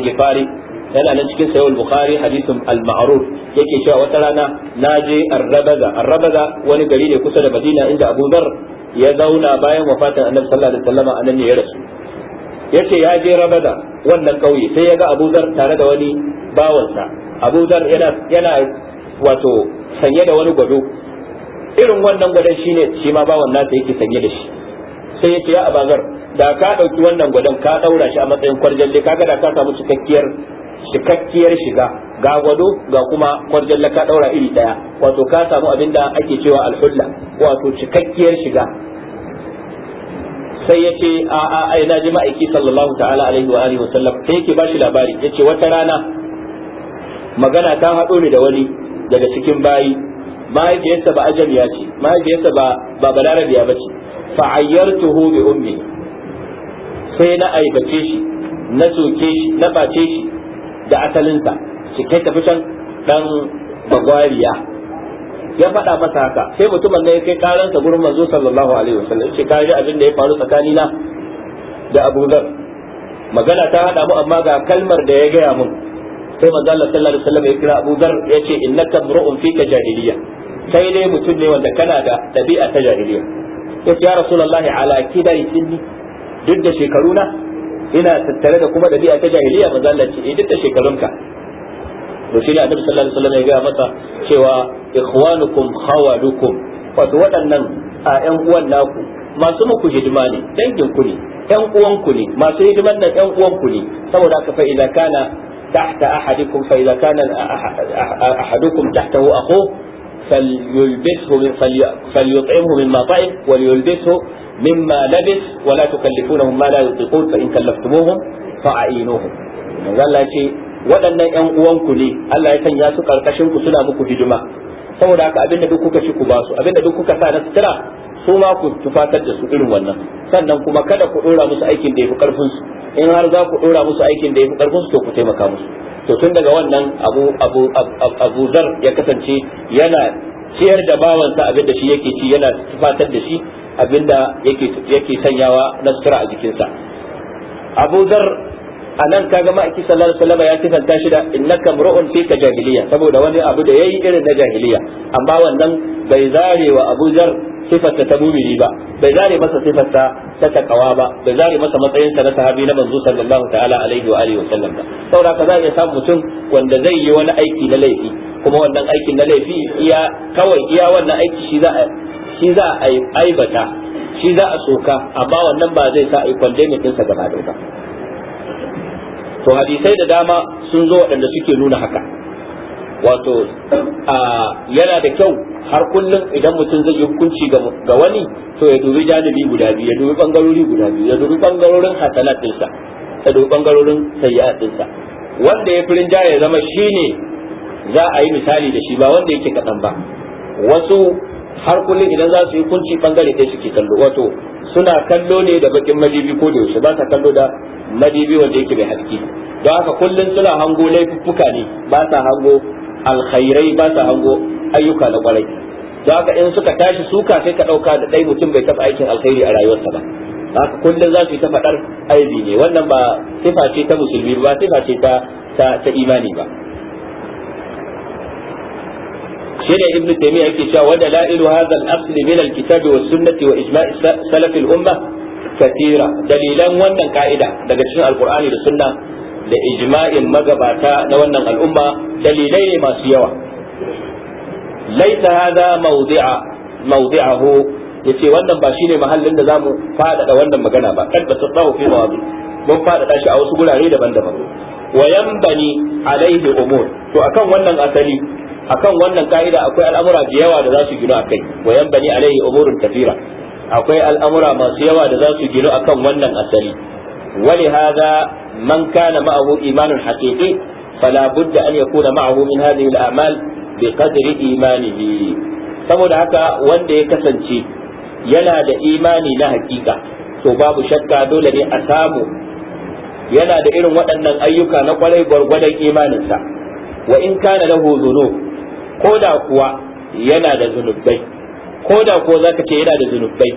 yana nan cikin sayyid bukhari hadithun al-ma'ruf yake cewa wata rana naje ar-rabaza ar-rabaza wani gari ne kusa da madina inda abu dar ya zauna bayan wafatin annabi sallallahu alaihi wasallam annabi ya rasu yace ya je rabaza wannan kauye sai ya ga abu dar tare da wani bawansa abu dar yana yana wato sanye da wani gwado irin wannan gwadon shine shi ma bawan nasa yake sanye da shi sai ya ce ya abazar da ka ɗauki wannan gwadon ka ɗaura shi a matsayin kwarjalle kaga da ka samu cikakkiyar cikakkiyar shiga ga gwado ga kuma kwarjan laka daura iri daya wato ka samu abin da ake cewa alhulla wato cikakkiyar shiga sai ya ce a a ai na ji ma'aiki sallallahu ta'ala alaihi wa alihi wa sallam sai yake bashi labari yace wata rana magana ta haɗo ni da wani daga cikin bayi mahaifiyarsa ba ajamiya ce mahaifiyarsa ba ba balarabiya ba ce fa'ayyartuhu bi ummi sai na aibace shi na soke shi na bace shi da asalinsa shi kai tafi can dan bagwariya ya faɗa masa haka sai mutumin ne ya kai karansa gurin manzo sallallahu alaihi wasallam shi kaji abin da ya faru tsakanina da Abu Dhar magana ta hada mu amma ga kalmar da ya gaya mun sai manzo sallallahu alaihi wasallam ya kira Abu Dhar ya ce innaka mru'un fika jahiliya kai ne mutum ne wanda kana da tabi'a ta jahiliya ya ce ya rasulullahi ala kidai sinni duk da shekaru na ina tattare da kuma dabi'a ta jahiliya manzo Allah ce idan ta shekarunka to shi ne annabi sallallahu alaihi wasallam ya ga masa cewa ikhwanukum khawalukum wato waɗannan a ƴan uwan naku masu muku hidima ne dangin ku ne ƴan uwan ku ne masu hidiman nan ƴan uwan ku ne saboda ka fa idza kana tahta ahadikum fa idza kana ahadukum tahtahu akhuhu فليلبسه من فليطعمه من مطعم وليلبسه mimma labis wa la tukallifunahum ma la yutiqun fa in kallaftumuhum fa ya ce waɗannan ƴan uwanku ne Allah ya sanya su karkashin ku suna muku hidima saboda haka abinda duk kuka ci ku ba su abinda duk kuka sa na sutura su ma ku tufatar da su irin wannan sannan kuma kada ku ɗora musu aikin da yafi karfin su in har za ku ɗora musu aikin da ya fi su to ku taimaka musu to tun daga wannan abu abu abu zar ya kasance yana ciyar da bawansa abinda shi yake ci yana fatar da shi abinda yake yake sanyawa na sutura a jikinsa Abu Dhar anan kaga ma'aiki sallallahu alaihi wasallam ya kisanta shi da innaka mru'un fika jahiliya saboda wani abu da yayi irin na jahiliya amma wannan bai zare wa Abu Dhar sifarta ta mumini ba bai zare masa sifarta ta takawa ba bai zare masa matsayinsa na sahabi na manzo sallallahu ta'ala alaihi wa alihi wasallam ba saboda ka za iya samu mutum wanda zai yi wani aiki na laifi kuma wannan aikin na laifi iya kawai iya wannan aiki shi za a shi za a aibata shi za a soka amma wannan ba zai sa a yi ɗinsa gaba da ba to hadisai da dama sun zo waɗanda suke nuna haka wato yana da kyau har kullum idan mutum zai yi hukunci ga wani to ya dubi janibi guda biyu ya dubi bangarori guda biyu ya dubi bangarorin hasanat ɗinsa ya dubi bangarorin sayyi'at ɗinsa wanda ya firin ya zama shine za a yi misali da shi ba wanda yake kaɗan ba wasu har kullum idan za su yi kunci bangare ɗaya suke kallo wato suna kallo ne da bakin madibi ko da yaushe ba ta kallo da madibi wanda yake mai haske don haka kullum suna hango laifuffuka ne ba sa hango alkhairai ba sa hango ayyuka na kwarai don haka in suka tashi suka sai ka ɗauka da ɗai mutum bai taɓa aikin alkhairi a rayuwarsa ba haka kullum za su yi ta faɗar aibi ne wannan ba sifa ce ta musulmi ba sifa ce ta imani ba shine ibnu taymiya yake cewa wada la'ilu hadha al-asl min al-kitab wa sunnati wa ijma' salaf al-umma katira dalilan wannan ka'ida daga cikin al alqur'ani da sunna da ijma'in magabata na wannan al'umma dalilai ne masu yawa laisa hadha mawdi'a mawdi'ahu yace wannan ba shine mahallin da zamu fadada wannan magana ba kad basattahu fi mawadi mun fadada shi a wasu gurare daban-daban wa yanbani alaihi umur to akan wannan asali akan wannan ka'ida akwai al'amura da yawa da za su gino akai wa yanbani alaihi umurun kafira akwai al'amura masu yawa da za su gino akan wannan asali wali hada man kana ma'ahu imanun haqiqi fala budda an yakuna ma'ahu min hadhihi al'amal bi qadri imanihi saboda haka wanda ya kasance yana da imani na haƙiƙa to babu shakka dole ne a samu yana da irin waɗannan ayyuka na kwarai gwargwadon imaninsa wa in kana lahu dhunub ko da kuwa yana da zunubai ko da kuwa zaka ce yana da zunubai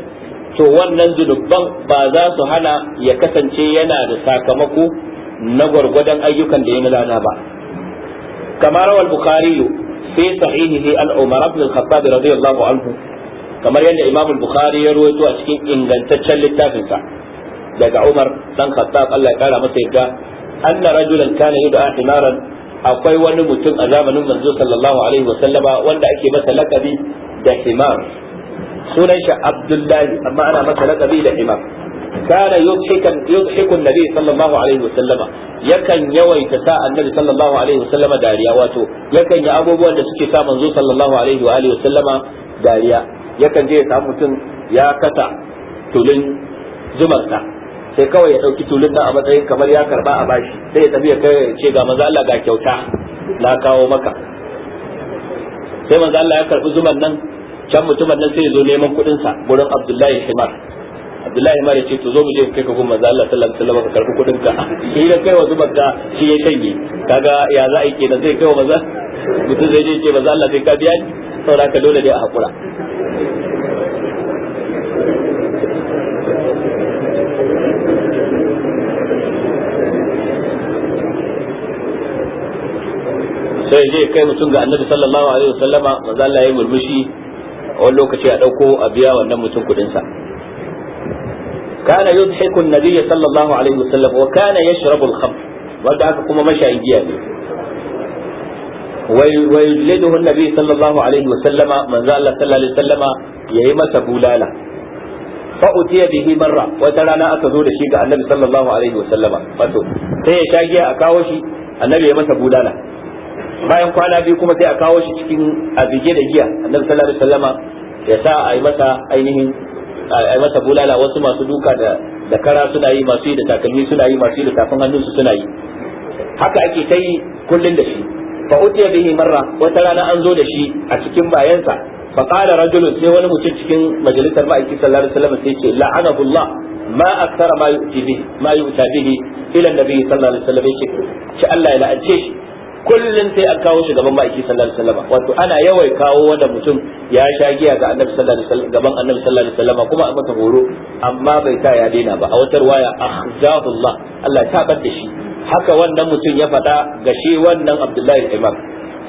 to wannan zunuban ba za su hana ya kasance yana da sakamako na gwargwadon ayyukan da ya rana ba kamar rawal bukhari fi sahihihi an umar ibn al-khattab radiyallahu anhu kamar yadda imam al-bukhari ya ruwaito a cikin ingantaccen littafinsa daga umar dan khattab Allah ya kara masa yadda anna rajulan kana yud'a himaran akwai wani mutum a zamanin manzo sallallahu alaihi wa sallama wanda ake masa lakabi da himar sunan shi abdullahi amma ana masa lakabi da himar kana yudhikan yudhiku annabi sallallahu alaihi wa sallama yakan yawaita sa annabi sallallahu alaihi wa sallama dariya wato yakan yi abubuwan da suke sa manzo sallallahu alaihi wa alihi wa sallama dariya yakan je ya samu mutum ya kasa tulin zumarsa sai kawai ya dauki tulun nan a matsayin kamar ya karba a bashi sai ya tafi ya kai ce ga manzo Allah ga kyauta na kawo maka sai manzo Allah ya karbi zuman nan can mutumin nan sai ya zo neman kuɗin sa gurin Abdullahi Himar Abdullahi Himar ya ce to zo mu je kai ka gurin manzo Allah sallallahu alaihi wasallam ka karbi kuɗin ka shi ya kai wa zuman ka shi ya shanye kaga ya za a yi kenan zai kai wa manzo mutum zai je ce manzo Allah sai ka biya saura saboda ka dole ne a hakura sai je kai mutum ga annabi sallallahu alaihi wasallama manzo Allah ya murmushi a wani lokaci a dauko a biya wannan mutum kudin sa kana yudhiku an-nabiy sallallahu alaihi wasallam wa kana yashrabu al-khamr wanda aka kuma mashayin giya ne wa yujliduhu an-nabiy sallallahu alaihi wasallama manzo Allah sallallahu alaihi wasallama yayi masa bulala fa utiya bihi marra wata rana aka zo da shi ga annabi sallallahu alaihi wasallama wato sai ya sha giya a kawo shi annabi ya masa bulala bayan kwana biyu kuma sai a kawo shi cikin abige da giya annabi sallallahu alaihi wasallama ya sa a yi masa ainihin a yi masa bulala wasu masu duka da da kara suna yi masu yi da takalmi suna yi masu yi da tafin hannunsu suna yi haka ake ta yi kullun da shi fa utiya bihi marra wata rana an zo da shi a cikin bayansa fa qala rajulun sai wani mutum cikin majalisar ma'aiki sallallahu alaihi wasallam sai ce la'anahu Allah ma akthara ma yu'ti bihi ma yu'ta bihi ila nabi sallallahu alaihi wasallam yake ce Allah ya la'ance shi kullum sai an kawo shi gaban baki sallallahu alaihi wasallam wato ana yawai kawo wanda mutum ya sha giya ga annabi sallallahu alaihi wasallam gaban annabi sallallahu alaihi wasallam kuma a mata horo amma bai ta ya daina ba a wata riwaya ahzabullah Allah ta bada shi haka wannan mutum ya fada ga shi wannan Abdullahi Imam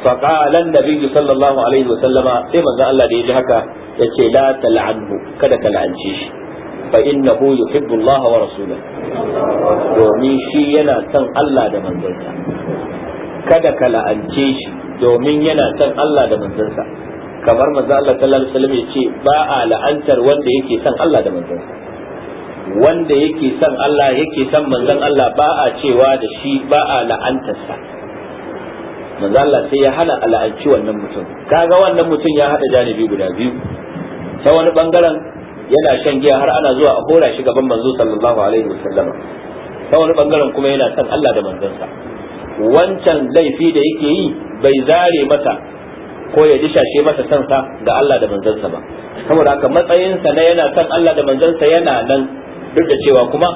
faqala annabi sallallahu alaihi wasallam sai manzon Allah da yaji haka yace la tal'anhu kada ka la'ance shi fa innahu yuhibbu Allah wa rasulahu domin shi yana son Allah da manzonsa kada ka la'ance shi domin yana son Allah da manzansa kamar manzo Allah sallallahu alaihi wasallam ce ba a la'antar wanda yake son Allah da manzansa wanda yake son Allah yake son manzon Allah ba a cewa da shi ba a la'antarsa manzo Allah sai ya hana la'anci wannan mutum kaga wannan mutum ya hada janibi guda biyu ta wani bangaren yana shan giya har ana zuwa a hora shi gaban manzo sallallahu alaihi wasallam ta wani bangaren kuma yana son Allah da manzansa wancan laifi da yake yi bai zare masa ko ya dishashe masa kansa ga Allah da manzansa ba saboda haka matsayinsa na yana san Allah da manzansa yana nan duk da cewa kuma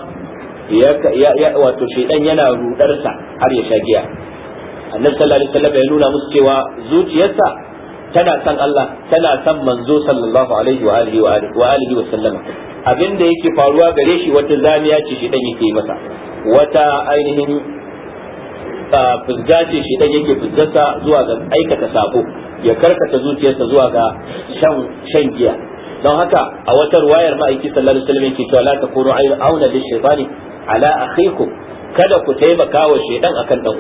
ya wato shedan yana rudarsa har ya sha giya annabi sallallahu alaihi wasallam ya nuna musu cewa zuciyarsa tana san Allah tana san manzo sallallahu alaihi wa alihi wa alihi wa sallama abinda yake faruwa gare shi wata zamiya ce shedan yake yi masa wata ainihin fuzga ce shi dan yake fuzzata zuwa ga aikata sako ya karkata zuciyarsa zuwa ga shan giya don haka a wata ruwayar ma'aiki sallallahu alaihi wasallam yake cewa la takunu auna shaytani ala akhikum kada ku taimaka wa shaytan akan dan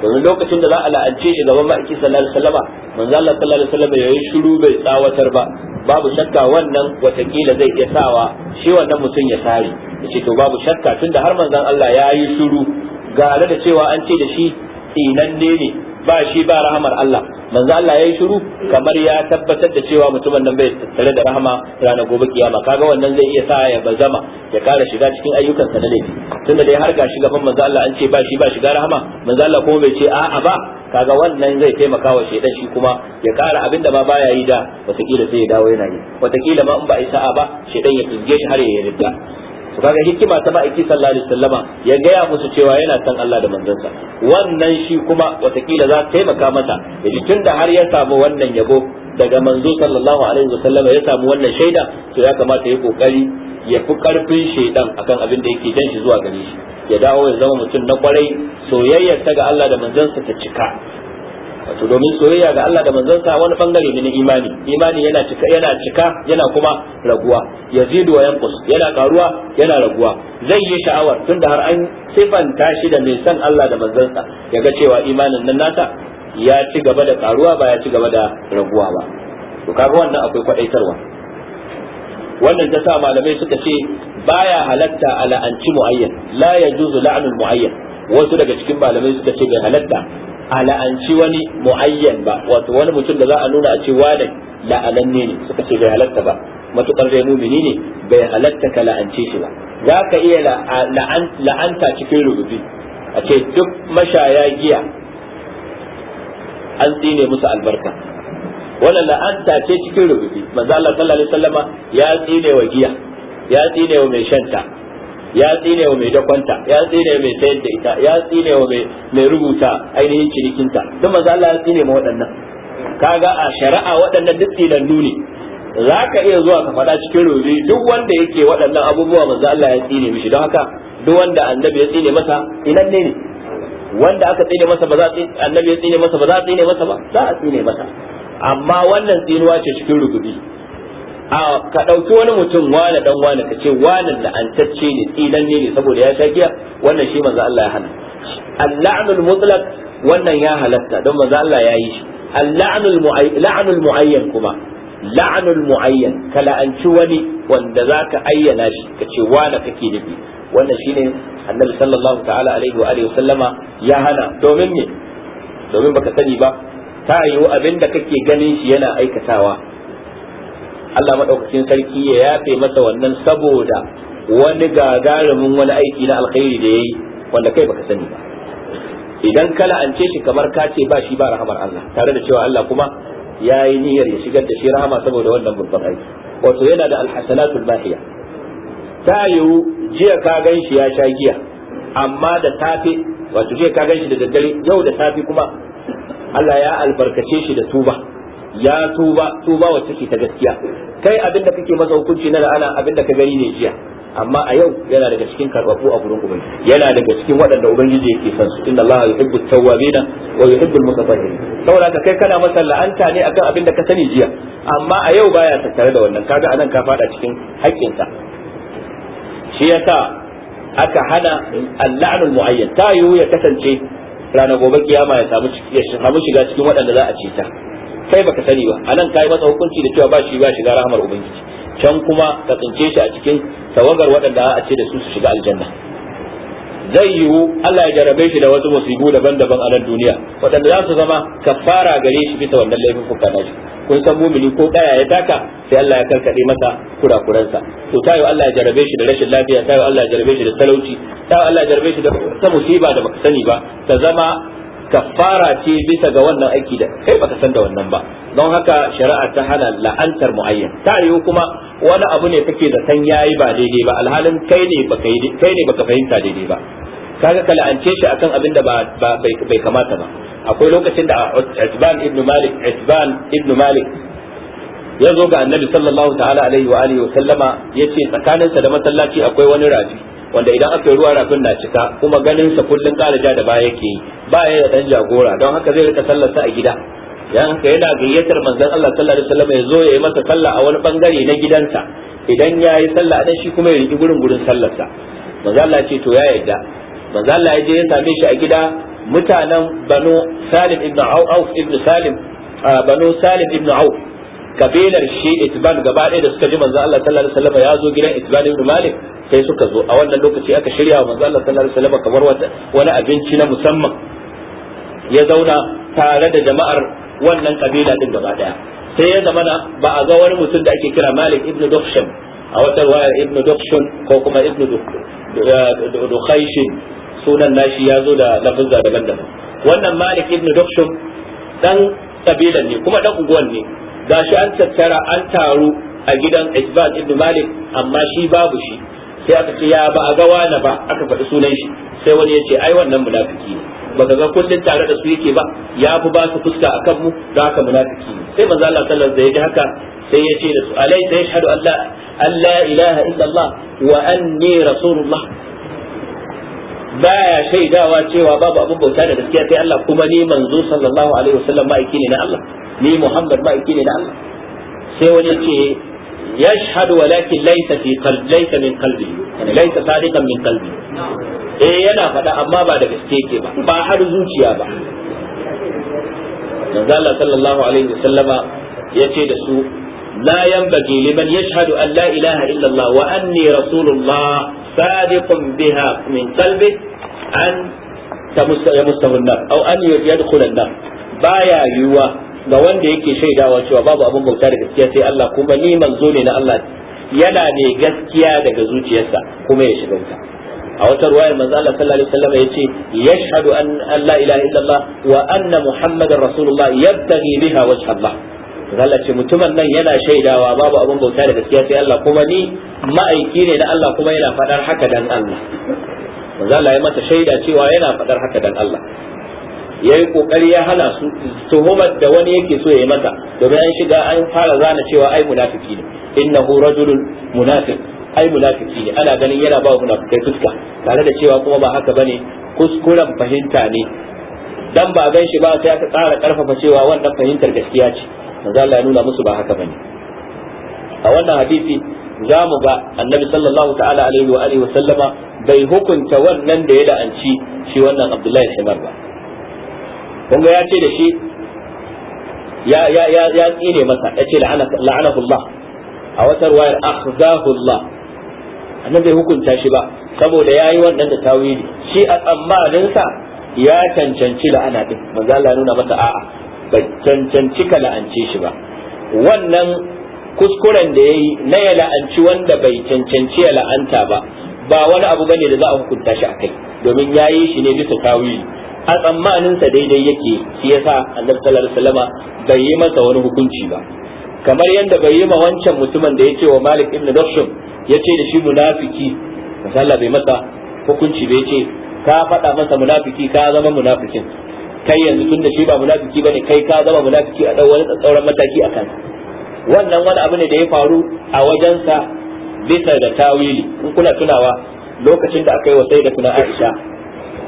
domin lokacin da za a la'ance shi gaban ma'aiki sallallahu alaihi wasallam manzo Allah sallallahu alaihi wasallam yayi shiru bai tsawatar ba babu shakka wannan watakila zai iya sawa shi wannan mutum ya sare yace to babu shakka tunda har manzon Allah ya yi shiru gare da cewa an ce da shi inanne ne ba shi ba rahamar Allah manzo Allah yi shiru kamar ya tabbatar da cewa mutumin nan bai tattare da rahama ranar gobe kiyama kaga wannan zai iya sa ya bazama ya kara shiga cikin ayyukan sa na laifi tunda dai har ga shi gaban manzo Allah an ce ba shi ba shiga rahama manzo Allah kuma bai ce a'a ba kaga wannan zai taimaka wa shedan shi kuma ya kara abin da ma baya yi da watakila sai ya dawo yana yi watakila ma in ba isa ba shedan ya fizge shi har ya yarda kaga hikima ta ma'aiki sallallahu alaihi wasallama ya gaya musu cewa yana san Allah da manzansa wannan shi kuma watakila za ta taimaka mata. yaji tunda har ya samu wannan yabo daga manzo sallallahu alaihi wasallama ya samu wannan shaida to ya kamata ya kokari ya fi karfin shaidan akan abin da yake jan shi zuwa gare shi ya dawo ya zama mutum na kwarai soyayyar ta ga Allah da manzansa ta cika wato domin soyayya ga Allah da manzansa wani bangare ne na imani imani yana cika yana cika yana kuma raguwa yazidu wa yanqus yana karuwa yana raguwa zai yi sha'awar tunda har an sifanta shi da mai san Allah da manzansa yaga cewa imanin nan nata ya ci gaba da karuwa ba ya ci gaba da raguwa ba to kaga wannan akwai kwadaitarwa wannan ta sa malamai suka ce baya halatta ala anci muayyan la yajuzu la'nul muayyan wasu daga cikin malamai suka ce bai halatta a la'anci wani mu'ayyan ba wato wani mutum da za a nuna a ce wane la'ananne ne suka ce bai halatta ba matukar dai mumini ne bai halatta ka la'ance shi ba za ka iya la'anta cikin rububi a ce duk mashaya giya an tsine musu albarka wala la'anta ce cikin rububi manzo Allah sallallahu alaihi wasallama ya tsine wa giya ya tsine wa mai shanta ya tsine wa mai dakwanta ya tsine mai sayar da ita ya tsine wa mai rubuta ainihin cinikinta don manzo Allah ya tsine ma waɗannan kaga a shari'a waɗannan duk tsinannu ne za ka iya zuwa ka faɗa cikin rubi duk wanda yake waɗannan abubuwa manzo Allah ya tsine mishi don haka duk wanda annabi ya tsine masa inan ne ne. wanda aka tsine masa ba za annabi ya tsine masa ba za a tsine masa ba za a tsine masa amma wannan tsinuwa ce cikin rububi a ka ɗauki wani mutum wani dan wani ka ce wani la'antacce ne tsinan ne saboda ya sha giya wannan shi manzo Allah ya hana al-la'nul mutlaq wannan ya halatta don manzo Allah ya yi shi al-la'nul muayyan kuma la'nul muayyan ka la'anci wani wanda zaka ayyana shi ka ce wani kake nufi wannan shine annabi sallallahu ta'ala alaihi wa alihi sallama ya hana domin me domin baka sani ba ta yiwu abinda kake ganin shi yana aikatawa Allah madaukakin sarki ya yafe masa wannan saboda wani gagarumin wani aiki na alkhairi da yayi wanda kai baka sani ba idan ka la'ance shi kamar ka ce ba shi ba rahamar Allah tare da cewa Allah kuma ya yi niyyar ya shigar da shi rahama saboda wannan babban aiki wato yana da alhasanatul bahiya ta yiwu jiya ka gan ya sha giya amma da safe wato jiya ka gan shi da daddare yau da safe kuma Allah ya albarkace shi da tuba ya tuba tuba wa ciki ta gaskiya kai abin da kake masa hukunci na la'ana abin da ka gani ne jiya amma a yau yana daga cikin karbabu a gurin ubangiji yana daga cikin waɗanda ubangiji yake son su inna allaha yuhibbu tawwabina wa yuhibbu almutatahhirin saboda kai kana masa la'anta ne akan abin da ka sani jiya amma a yau baya tattare da wannan kaga anan ka fada cikin haƙƙinsa shi yasa aka hana al al mu'ayyan ta yiwu ya kasance ranar gobe kiyama ya samu shiga cikin waɗanda za a ce ta kai baka sani ba anan kai masa hukunci da cewa ba shi ba shiga rahmar ubangiji can kuma ka tsince shi a cikin tawagar waɗanda a ce da su su shiga aljanna zai yiwu Allah ya jarabe shi da wasu musibu daban-daban a nan duniya waɗanda za su zama kafara gare shi bisa wannan laifin kuka na shi kun san mumini ko kaya ya taka sai Allah ya karkade masa kurakuransa to tayo Allah ya jarabe shi da rashin lafiya tayo Allah ya jarabe shi da talauci tayo Allah ya jarabe shi da musiba da baka sani ba ta zama kafara ce bisa ga wannan aiki da kai baka san da wannan ba don haka shari'a ta hana la'antar muayyan ta yiwu kuma wani abu ne kake da san yayi ba daidai ba alhalin kai ne baka kai ne baka fahimta daidai ba kaga ka la'ance shi akan abin da bai kamata ba akwai lokacin da Itban ibn Malik ibn Malik ya zo ga Annabi sallallahu ta'ala alaihi wa alihi wa sallama yace tsakaninsa da masallaci akwai wani rafi wanda idan aka yi ruwa rafin na cika kuma ganin sa kullun ƙara ja da baya yake yi ba ya da dan jagora don haka zai rika sallarsa a gida dan haka yana gayyatar manzon Allah sallallahu alaihi ya zo ya yi masa sallah a wani bangare na gidansa idan ya yi sallah dan shi kuma ya riki gurin gurin sallarsa manzon Allah ce to ya yarda manzon Allah ya je ya same shi a gida mutanen Banu Salim ibn Auf ibn Salim Banu Salim ibn Auf kabilar shi itban gaba ɗaya da suka ji manzo Allah sallallahu alaihi wasallam ya zo gidan itban ibn malik sai suka zo a wannan lokaci aka shirya wa manzo Allah sallallahu alaihi wasallam kamar wani abinci na musamman ya zauna tare da jama'ar wannan kabila din gaba ɗaya sai ya zamana ba a ga wani mutum da ake kira malik ibn dukhshan a wata wayar ibn dukhshan ko kuma ibn dukhayshin sunan nashi ya zo da lafazza daban-daban wannan malik ibn dukhshan dan kabilan ne kuma dan unguwan ne gashi an tattara an taru a gidan Isbat ibn Malik amma shi babu shi sai aka ce ya ba a ga wani ba aka faɗi sunan shi sai wani ya ce ai wannan munafiki ne baka ga kullun tare da su yake ba ya fi ba su fuska akan mu da haka munafiki ne sai manzo Allah sallallahu alaihi wasallam haka sai ya ce da su alai sai shahadu Allah Allah ilaha illa Allah wa anni rasulullah baya shaidawa cewa babu abin bauta da gaskiya sai Allah kuma ni manzo sallallahu alaihi wasallam ma'aiki ne na Allah ni Muhammad ma'aiki ne na Allah sai wani ce yashhadu walakin laysa fi laysa min qalbi yani laysa sadiqan min qalbi eh yana faɗa amma ba da gaske yake ba ba har zuciya ba manzo Allah sallallahu alaihi wasallama yace da su لا ينبغي لمن يشهد أن لا إله إلا الله وأني رسول الله صادق بها من قلبه أن يمسه النار أو أن يدخل النار baya يوا ga wanda yake shaidawa cewa babu abin bauta da gaskiya sai Allah kuma ni manzo ne na Allah yana ne gaskiya daga zuciyarsa kuma ya shiga wuta a wata ruwayar manzo Allah sallallahu alaihi wasallam yace yashhadu an la ilaha illallah wa anna muhammadar rasulullah yabtaghi biha wajha Allah Allah ce mutumin nan yana shaidawa babu abin bauta da gaskiya sai Allah kuma ni ma'aiki ne na Allah kuma yana fadar haka dan Allah manzo Allah ya mata shaida cewa yana fadar haka dan Allah ya yi kokari ya hana su tuhumar da wani yake so ya yi masa domin an shiga an fara zana cewa ai munafiki ne innahu rajulun munafiq ai munafiki ne ana ganin yana ba munafikai fuska tare da cewa kuma ba haka bane kuskuren fahimta ne dan ba gan shi ba sai aka tsara karfafa cewa wannan fahimtar gaskiya ce manzo Allah ya nuna musu ba haka bane a wannan hadisi za mu ga annabi sallallahu ta'ala alaihi wa alihi wa sallama bai hukunta wannan da ya la'anci shi wannan Abdullahi Shimar ba kun ya ce da shi ya tsine masa ya ce la'anahu Allah a wata ruwayar akhzahu Allah annabi bai hukunta shi ba saboda yayi wannan da tawili shi a tsammanin sa ya cancanci la'ana din manzo Allah nuna masa a'a bai cancanci ka la'ance shi ba wannan kuskuren da yayi na ya la'anci wanda bai cancanci ya la'anta ba ba wani abu bane da za a hukunta shi akai domin yayi shi ne bisa tawili a tsammanin sa daidai yake shi yasa annabi sallallahu alaihi wasallam bai yi masa wani hukunci ba kamar yadda bai yi ma wancan mutumin da ya ce wa Malik ibn Dashum yace ce da shi munafiki misalla bai masa hukunci bai ce ka faɗa masa munafiki ka zama munafikin kai yanzu tun da shi ba munafiki bane kai ka zama munafiki a wani tsauran mataki akan. wannan wani abu ne da ya faru a wajensa bisa da tawili in kuna tunawa lokacin da aka yi wa sai da kuna Aisha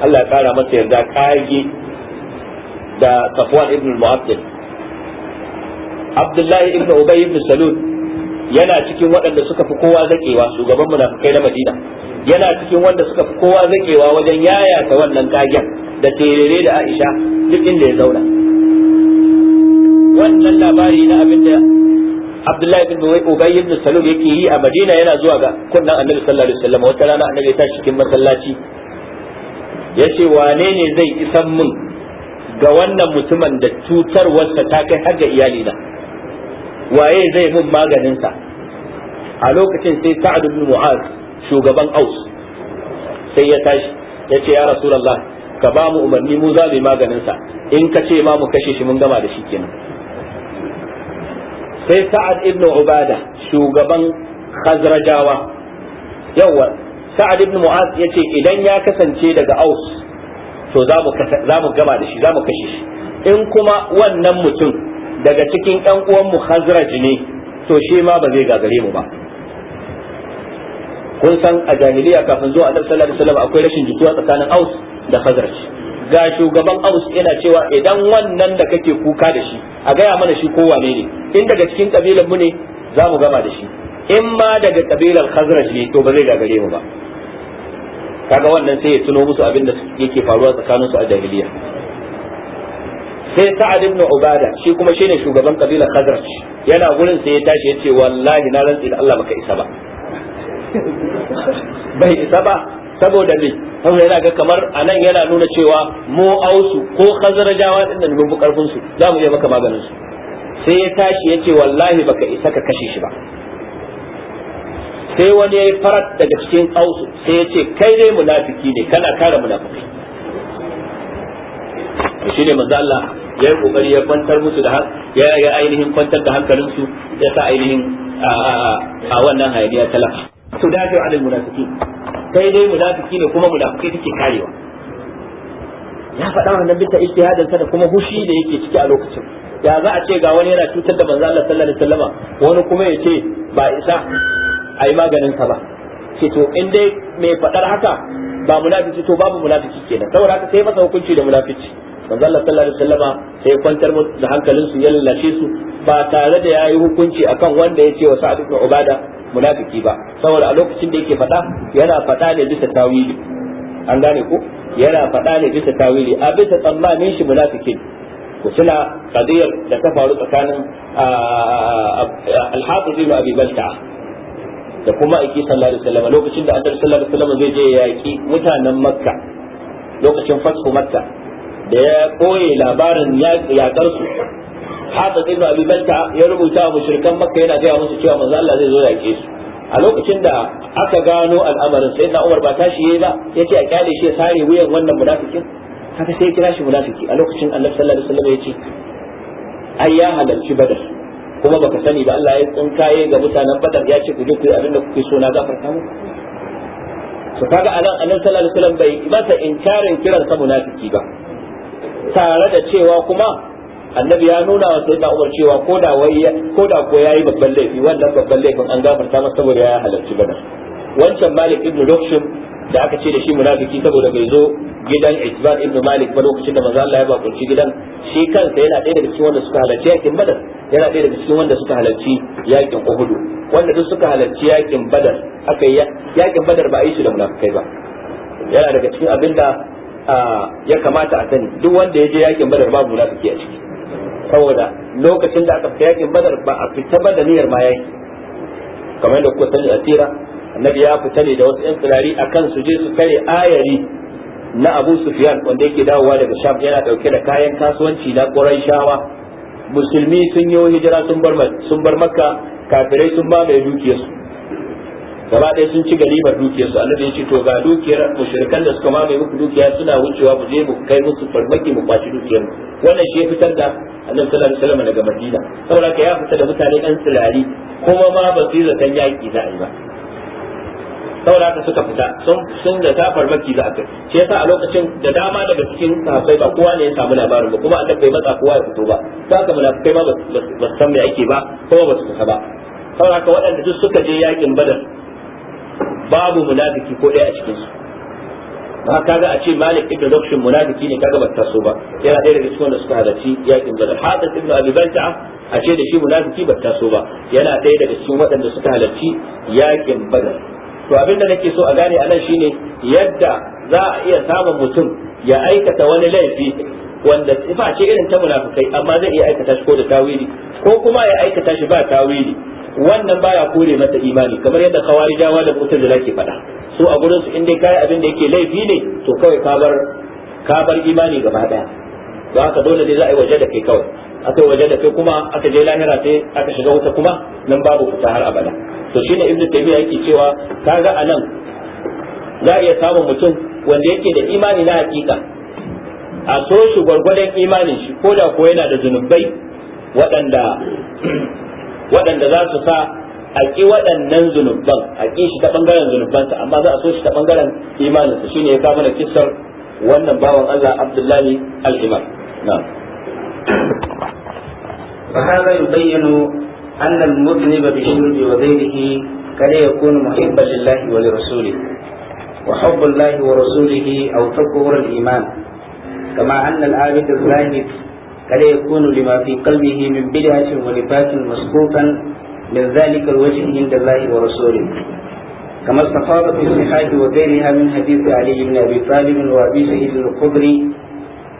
Allah ya kara masa yarda kage da Safwan ibn al-Mu'attal Abdullahi ibn Ubay ibn Salul yana cikin waɗanda suka fi kowa zakewa shugaban munafikai na Madina yana cikin wanda suka fi kowa zakewa wajen yayata wannan kagen da terere da Aisha duk inda ya zauna wannan labari na abin da Abdullahi ibn Ubay ibn Salul yake yi a Madina yana zuwa ga kunnan Annabi sallallahu alaihi wasallam wata rana Annabi ya tashi cikin masallaci Ya ce wane ne zai isan mun ga wannan mutumin da cutar wasa ta kai har ga iyalina waye zai min maganinsa a lokacin sai sa'ad ibn mu'az shugaban aus sai ya tashi yace ya rasulullah ka ba mu umarni mu za mu maganinsa in ka ce ma mu kashe shi mun gama da shi kenan sai sa'ad ibn ubada shugaban khazrajawa yawa sa'ad ibn mu'az yace idan ya kasance daga aus to za mu za da shi za mu kashe shi in kuma wannan mutum daga cikin ɗan uwan mu khazraj ne to shi ma ba zai gagare mu ba kun san a jahiliya kafin zuwa annabi sallallahu alaihi wasallam akwai rashin jituwa tsakanin aus da Hazraj ga shugaban aus yana cewa idan wannan da kake kuka da shi a gaya mana shi ko wane ne in daga cikin kabilan mu ne za mu gama da shi in ma daga kabilan khazraj ne to ba zai gagare mu ba kaga wannan sai ya tuno musu abin da yake faruwa tsakanin su a jahiliya sai sa'ad ibn ubada shi kuma shine shugaban kabilar khazraj yana gurin sai ya tashi ya ce wallahi na rantsi da Allah baka isa ba bai isa ba saboda me saboda yana ga kamar anan yana nuna cewa mu ausu ko khazrajawa din nan mun fi karfin su za mu iya maka maganin su sai ya tashi ya ce wallahi baka isa ka kashe shi ba sai wani ya yi farat daga cikin ausu sai ya ce kai dai munafiki ne kana kare munafikai shi ne manzo Allah ya yi kokari ya kwantar musu da ya ya ainihin kwantar da hankalin su ya sa ainihin a wannan hayaniya talaka to da ta alal munafiki kai dai munafiki ne kuma munafiki take karewa ya faɗa wannan bita ijtihadin sa da kuma hushi da yake ciki a lokacin ya za a ce ga wani yana cutar da manzo Allah sallallahu alaihi wasallama wani kuma ya ce ba isa a yi maganin ka ba ce to in dai mai faɗar haka ba munafici to babu munafici kenan saboda haka sai masa hukunci da munafici manzo Allah sallallahu alaihi wasallama sai kwantar da hankalin su yallashe su ba tare da yayi hukunci akan wanda ya ce wa sa'ad ibn ubada munafiki ba saboda a lokacin da yake faɗa yana faɗa ne bisa tawili an gane ko yana faɗa ne bisa tawili a bisa tsammanin shi munafikin ku suna qadiyar da ta faru tsakanin al-hafiz ibn abi da kuma aiki sallallahu alaihi wasallam lokacin da annabi sallallahu alaihi wasallam zai je yaki mutanen makka lokacin fathu makka da ya koye labarin yaƙar su hafiz ibn abi balta ya rubuta mushrikan makka yana gaya musu cewa manzo Allah zai zo yaƙe su a lokacin da aka gano al'amarin sai Umar ba tashi yayi ba yace a kyale shi sare wuyan wannan munafikin haka sai ya kira shi munafiki a lokacin Annabi sallallahu alaihi wasallam yace ai ya halarci badar kuma baka sani ba Allah ya tsinkaye ga mutanen badar ya ce ku je ku yi abin da kuke so na gafarta muku to kaga anan annabi sallallahu alaihi wasallam bai masa inkarin kiran sa munafiki ba tare da cewa kuma annabi ya nuna wa sayyidina Umar cewa koda wai koda ko yayi babban laifi wannan babban laifin an gafarta masa saboda ya halarci badar wancan Malik ibn Rushd da aka ce da shi munafiki saboda bai zo gidan Isban ibn Malik ba lokacin da manzo Allah ya bakunci gidan shi kansa yana ɗaya daga cikin wanda suka halarci yakin badar yana ɗaya daga cikin wanda suka halarci yakin uhudu wanda duk suka halarci yakin badar aka yi yakin badar ba a yi shi da munafikai ba yana daga cikin abin da ya kamata a sani duk wanda ya je yakin badar babu munafiki a ciki saboda lokacin da aka fita yakin badar ba a fita ba da niyyar ma yaki kamar yadda kuka sani a tsira annabi ya fita ne da wasu yan a akan su je su kare ayari na abu sufyan wanda yake dawowa daga sham yana dauke da kayan kasuwanci na ƙurai shawa musulmi sun yi hijira sun bar makka kafirai sun ba mai dukiyarsu gaba ɗaya sun ci gari ganimar dukiyarsu annabi ya ce to ga dukiyar mushrikan da suka mamaye muku dukiya suna wucewa mu je mu kai musu farmaki mu kwaci dukiyar wannan shi ya fitar da annabi sallallahu alaihi wasallam daga madina saboda ya fita da mutane ɗan tsirari kuma ma ba su yi zaton yaki za a yi ba saboda haka suka fita sun sun da ta farmaki za a kai shi yasa a lokacin da dama daga cikin sahabbai ba kowa ne ya samu labarin ba kuma annabi bai matsa kowa ya fito ba Ta ka munafikai ma ba san me ake ba kuma ba su fita ba saboda haka waɗanda duk suka je yakin badar babu munafiki ko ɗaya a cikin su ba ga a ce malik ibn rukshin munafiki ne kaga ba ta so ba yana ɗaya daga cikin da suka halarci yakin badar hadas ibn abi balta'a a ce da shi munafiki ba ta so ba yana ɗaya daga cikin waɗanda suka halarci yakin badar to abin da nake so a gane anan shine yadda za a iya samun mutum ya aikata wani laifi wanda sifa ce irin ta munafikai amma zai iya aikata shi ko da tawili ko kuma ya aikata shi ba tawili wannan baya kore mata imani kamar yadda mutum da mu'tazila ke faɗa so a gurin su in dai kai abin da yake laifi ne to kawai ka bar imani gaba daya don haka dole ne za a yi waje da kai kawai aka yi waje da kai kuma aka je lahira sai aka shiga wuta kuma nan babu fita har abada to ne ibnu taymiya yake cewa kaga anan za a iya samun mutum wanda yake da imani na hakika a so shi gwargwadon imanin shi ko da ko yana da zunubai waɗanda waɗanda za su sa a ƙi waɗannan zunuban a ƙi shi ta ɓangaren zunubansa amma za a so shi ta ɓangaren imaninsa ne ya kama da kisar wannan bawan Allah Abdullahi al-Imam فهذا يبين أن المذنب بالشرب وغيره كان يكون محبا لله ولرسوله وحب الله ورسوله أو تطور الإيمان كما أن العابد الزاهد كان يكون لما في قلبه من بدعة ونفاق مسقوطا من ذلك الوجه عند الله ورسوله كما استفاض في الصحاح وغيرها من حديث علي بن أبي طالب وأبي سعيد الخدري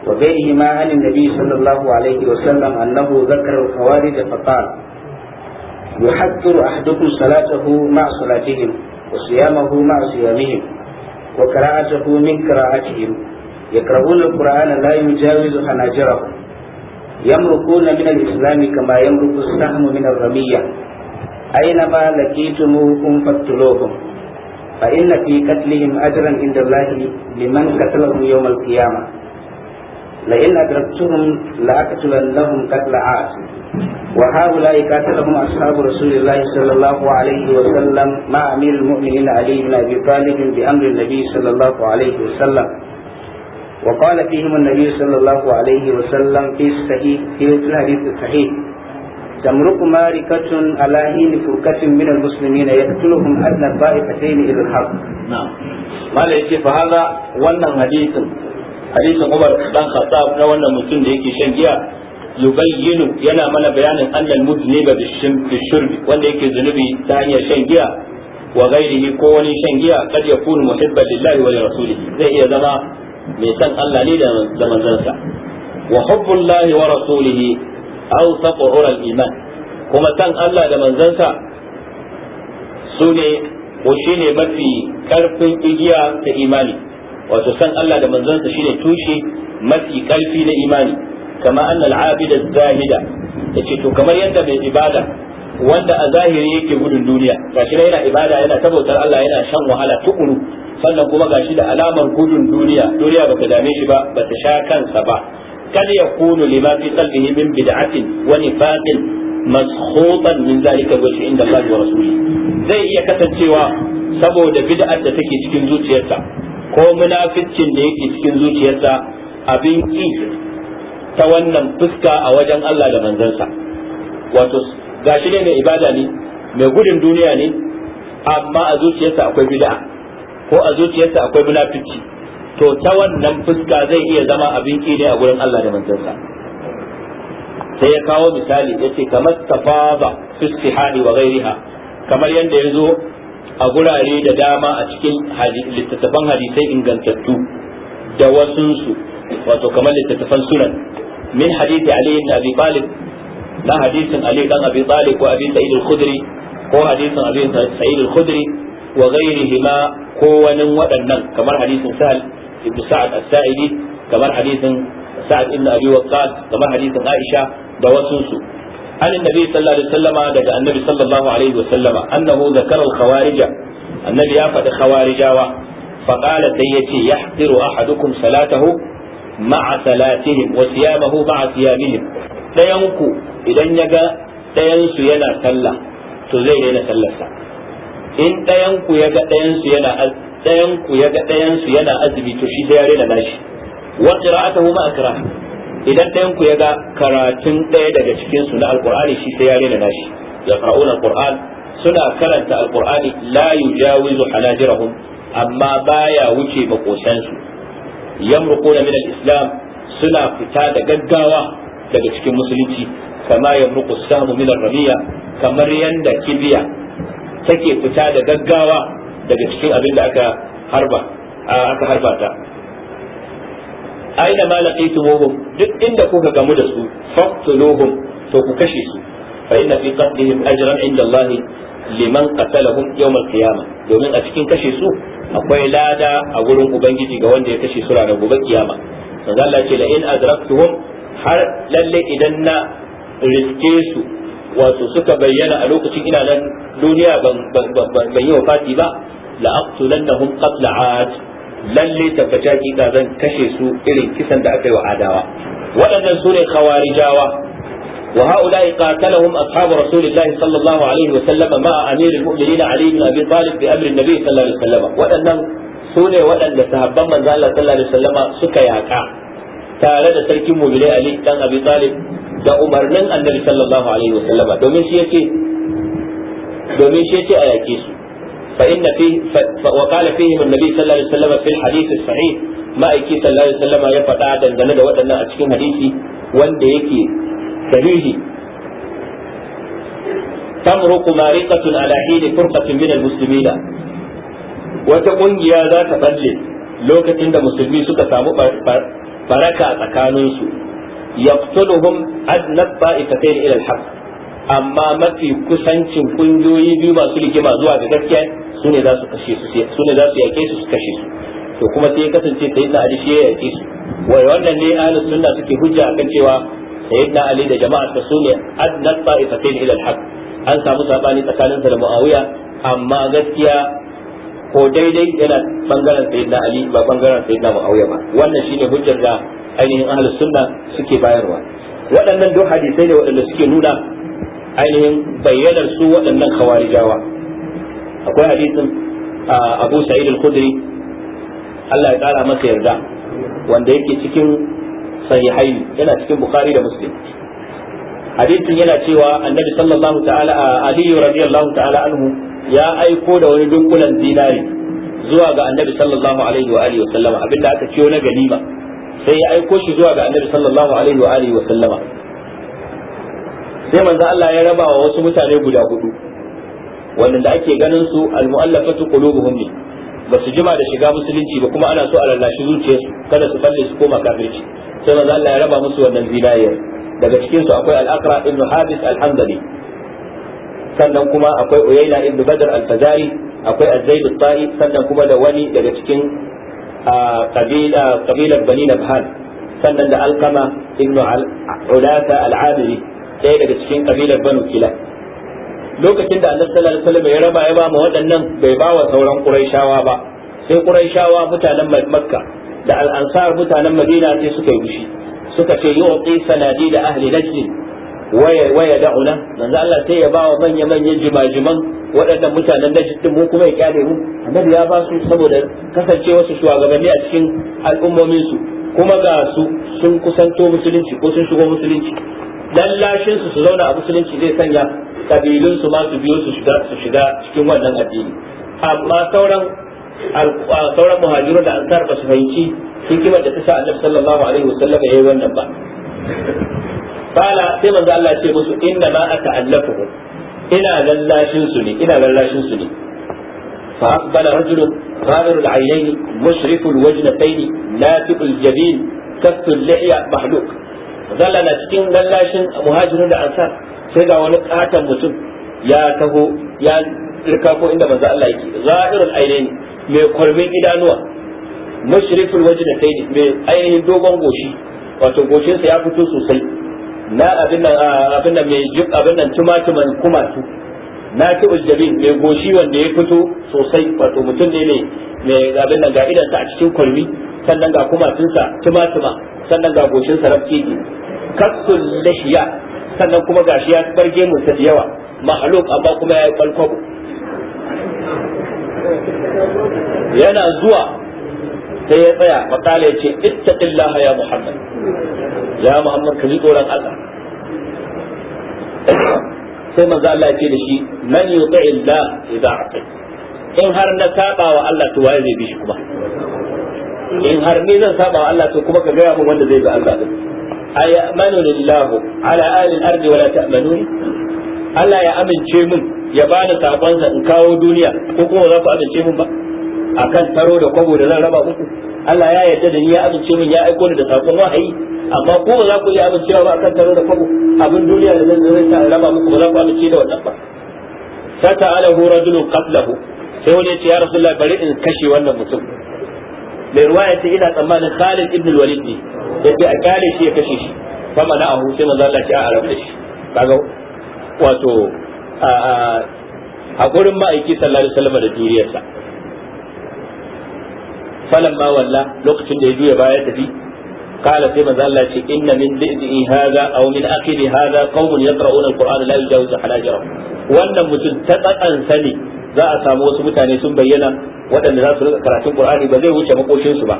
وغيرهما عن النبي صلى الله عليه وسلم أنه ذكر الخوارج فقال يحذر أحدكم صلاته مع صلاتهم وصيامه مع صيامهم وقراءته من قراءتهم يقرؤون القرآن لا يجاوز حناجرهم يمرقون من الإسلام كما يمرق السهم من الرمية أينما لقيتموهم فاقتلوهم فإن في قتلهم أجرا عند الله لمن قتلهم يوم القيامة لئن أدركتهم لأقتلن لهم قتل عاصم وهؤلاء قاتلهم أصحاب رسول الله صلى الله عليه وسلم مع أمير المؤمنين علي بن أبي طالب بأمر النبي صلى الله عليه وسلم وقال فيهم النبي صلى الله عليه وسلم في الصحيح في الحديث الصحيح تمرق ماركة على حين فرقة من المسلمين يقتلهم أدنى الطائفتين إلى الحرب. نعم. ما ليس فهذا ولا حديث حديث عمر بن الخطاب ولا مسلم ليكي شنجيا yubayyinu yana mana bayanin annal muzniba bishurbi wanda yake zunubi ta hanyar shan giya wa ghairihi ko wani shan giya kad yakunu muhibban lillahi wa rasulihi. zai iya zama mai san Allah ne da manzansa wa hubbullahi wa rasulihi aw taqura al-iman kuma san Allah da manzansa sune ko shine mafi karfin igiya ta imani wato san Allah da manzansa shine tushe mafi karfi na imani kama anna al-abida zahida yace to kamar yadda mai ibada wanda a zahiri yake gudun duniya gashi yana ibada yana tabautar Allah yana shan wahala tukuru sannan kuma gashi da alamar gudun duniya duniya bata dame shi ba bata sha kansa ba ya kunu lima fi qalbihi min bid'atin wa nifaqin maskhutan min zalika wa inda Allah wa rasuli zai iya kasancewa saboda bid'ar da take cikin zuciyarsa ko munafincin da yake cikin zuciyarsa abin ki ta wannan fuska a wajen Allah da manzansa wato gashi ne mai ibada ne mai gudun duniya ne amma a zuciyarsa akwai bid'a ko a zuciyarsa akwai munafiki to ta wannan fuska zai iya zama abin ne a gurin Allah da manzansa sai ya kawo misali yace kamar tafaba fi istihani wa ghairiha kamar yadda ya zo a gurare da dama a cikin littattafan hadisai ingantattu da wasunsu wato kamar littattafan sunan min hadisi ali ibn abi talib na hadisin ali dan abi talib ko abi sa'id al-khudri ko hadisin abi sa'id al-khudri wa ghayrihima ko wani waɗannan kamar hadisin sahal ibn sa'ad as-sa'idi kamar hadisin sa'ad ibn abi kamar hadisin aisha da wasu su عن النبي صلى الله عليه وسلم دجا النبي صلى الله عليه وسلم أنه ذكر الخوارج النبي أفد خوارجا فقال سيتي يحقر أحدكم صلاته ma'a salatihim wa siyamahu ma'a siyamihim ɗayanku idan ya ga ɗayansu yana sallah to zai daina sallarsa in ɗayanku ya ga ɗayansu yana ɗayanku ya ga ɗayansu yana azumi to shi sai yare da nashi wa qira'atuhu ma'a qira'a idan ɗayanku ya ga karatun ɗaya daga cikin su na alqur'ani shi sai yare da nashi yaqra'una alqur'an suna karanta alqur'ani la yujawizu halajirahum amma baya wuce makosansu yamruquna min al-islam suna fita da gaggawa daga cikin musulunci kama yamruqu samu min ar-ramiya kamar yanda kibiya take fita da gaggawa daga cikin abin da aka harba aka harba ta aina ma laqitumuhum duk inda kuka gamu da su faqtuluhum to ku kashe su fa inna fi qatlihim ajran inda Allah liman qatalahum yawm al-qiyamah domin a cikin kashe su akwai lada a gurin ubangiji ga wanda ya kashe su ranar gobe kiyama manzo Allah ce la in adraktuhum har lalle idan na riske su wato suka bayyana a lokacin ina nan duniya ban yi yi wafati ba la aqtulannahum qatla aad lalle tabbata hakika zan kashe su irin kisan da aka yi wa adawa waɗannan su ne khawarijawa وهؤلاء قاتلهم أصحاب رسول الله صلى الله عليه وسلم مع أمير المؤمنين علي بن أبي طالب بأمر النبي صلى الله عليه وسلم وأن سوني وأن تهبم صلى الله عليه وسلم سكياكا تارد تركي مؤمنين علي بن أبي طالب da umarnin annabi sallallahu alaihi wasallam domin domin shi yace a yake su fa inna fi wa qala fihi annabi sallallahu alaihi wasallam fil hadith sahih ma'aiki sallallahu ya fada dangane da waɗannan a cikin hadisi wanda yake sahihi tamruqu mariqatun ala hini furqatin min almuslimina wata ƙungiya za ta balle lokacin da musulmi suka samu faraka a tsakaninsu yaqtuluhum adna ta'ifatayn ila alhaq amma mafi kusancin ƙungiyoyi biyu masu rigima zuwa ga gaskiya su ne za su kashe su su ne su to kuma sai ya kasance sai na ali ya yake su wai wannan ne ahli sunna suke hujja akan cewa sayyidina ali da jama'ar ta sune adnan ta'ifatin ila idan Hak an samu sabani tsakanin sa da muawiya amma gaskiya ko daidai yana bangaren sayyidina ali ba bangaren sayyidina muawiya ba wannan shine hujjar da ainihin ahlus sunna suke bayarwa waɗannan duk hadisai ne waɗanda suke nuna ainihin bayyanar su waɗannan kawarijawa akwai hadisin abu sa'id al Allah ya kara masa yarda wanda yake cikin sahihaini yana cikin bukhari da muslim hadisin yana cewa annabi sallallahu ta'ala ali radiyallahu ta'ala anhu ya aiko da wani dunkulan zinari zuwa ga annabi sallallahu alaihi wa alihi wa sallama abinda aka ciyo na ganima sai ya aiko shi zuwa ga annabi sallallahu alaihi wa alihi wa sallama sai manzo Allah ya raba wa wasu mutane guda hudu wanda ake ganin su al-mu'allafatu qulubuhum ba su jima da shiga musulunci ba kuma ana so a lallashi zuciyarsu kada su falle su koma kafirci sai manzo Allah ya raba musu wannan zinayar daga cikin su akwai al-Aqra ibn Habis al-Hanbali sannan kuma akwai Uyayna ibn Badr al-Fazari akwai Az-Zaid al-Ta'i sannan kuma da wani daga cikin qabila qabilar Bani Nabhan sannan da Alqama ibn Ulata al-Adili sai daga cikin kabilar Banu Kilab lokacin da annabi sallallahu alaihi wasallam ya raba ya ba ma waɗannan bai ba wa sauran quraishawa ba sai quraishawa mutanen makka da al-ansar mutanen madina sai suka yi fushi suka ce yu'ti sanadi da ahli najd waya waya da'una manzo Allah sai ya ba wa manya manyan jimajiman waɗannan mutanen najd din mu kuma ya kyale mu annabi ya ba su saboda kasance su shugabanni a cikin al'ummomin su kuma ga su sun kusanto musulunci ko sun shigo musulunci lallashin su su zauna a musulunci zai sanya kabilun su ma su biyo su shiga su shiga cikin wannan addini amma sauran sauran muhajiru da an ba su fahimci hikimar da ta sa annabi sallallahu alaihi wasallam ya yi wannan ba Fala sai manzo Allah ce musu inna ma ata'allafuhum ina lallashin su ne ina lallashin su ne fa aqbala rajulun ghadir al-aynayn mushrif al-wajnatayn nafiq al-jabin lihya zalla na cikin lallashin muhajirin da ansar sai ga wani katon mutum ya taho ya rika ko inda manzo Allah yake zahirul ainaini mai kwarmin idanuwa mushriful wajhi da kai mai ainihin dogon goshi wato goshinsa ya fito sosai na abin nan abin nan mai jib abin nan tumatuman kumatu Na ci jabin mai goshi wanda ya fito sosai wato mutum ne ne mai abin nan ga idan a cikin kwalmi sannan ga kuma tunsa tuma sannan ga goshin sa ne kasul lahiya sannan kuma gashi ya barge mu da yawa mahaluk amma kuma ya yi kwalkwabo yana zuwa sai ya tsaya makala ya ce ittaqillaha ya muhammad ya muhammad ka ji tsoron Allah sai manzo Allah ya ce da shi man yuti Allah idza ata in har na saba wa Allah to waye zai bi shi kuma in har ni zan saba wa Allah to kuma ka gaya mun wanda zai bi Allah din ayamanu lillahu ala ahli al-ardi wala ta'manu Allah ya amince min ya bani sa in kawo duniya ko kuma za ku amince min ba akan taro da kwabo da zan raba muku Allah ya yarda da ni ya amince min ya aiko ni da sakon wahayi amma ko ba za ku iya amincewa ba akan tare da kwabo abin duniya da zai zai ta raba muku ba za ku amince da wannan ba fata alahu rajulun qablahu sai wani ya ce ya rasulullahi bari in kashe wannan mutum mai ruwaya ce ina tsammanin Khalid ibn al-Walid ne yace a kare shi ya kashe shi fa na ahu sai manzo Allah ya arabe a da shi kaga wato a hakurin ma'aiki sallallahu alaihi wasallam da duniyarsa. falamma walla lokacin da ya juya baya tafi قال في مزال إن من ذئبه هذا أو من أخيه هذا قوم يقرؤون القرآن لا Wannan mutum ta متتقا سني za a samu wasu mutane sun bayyana waɗanda za su rika karatun Qur'ani ba zai wuce makoshin su ba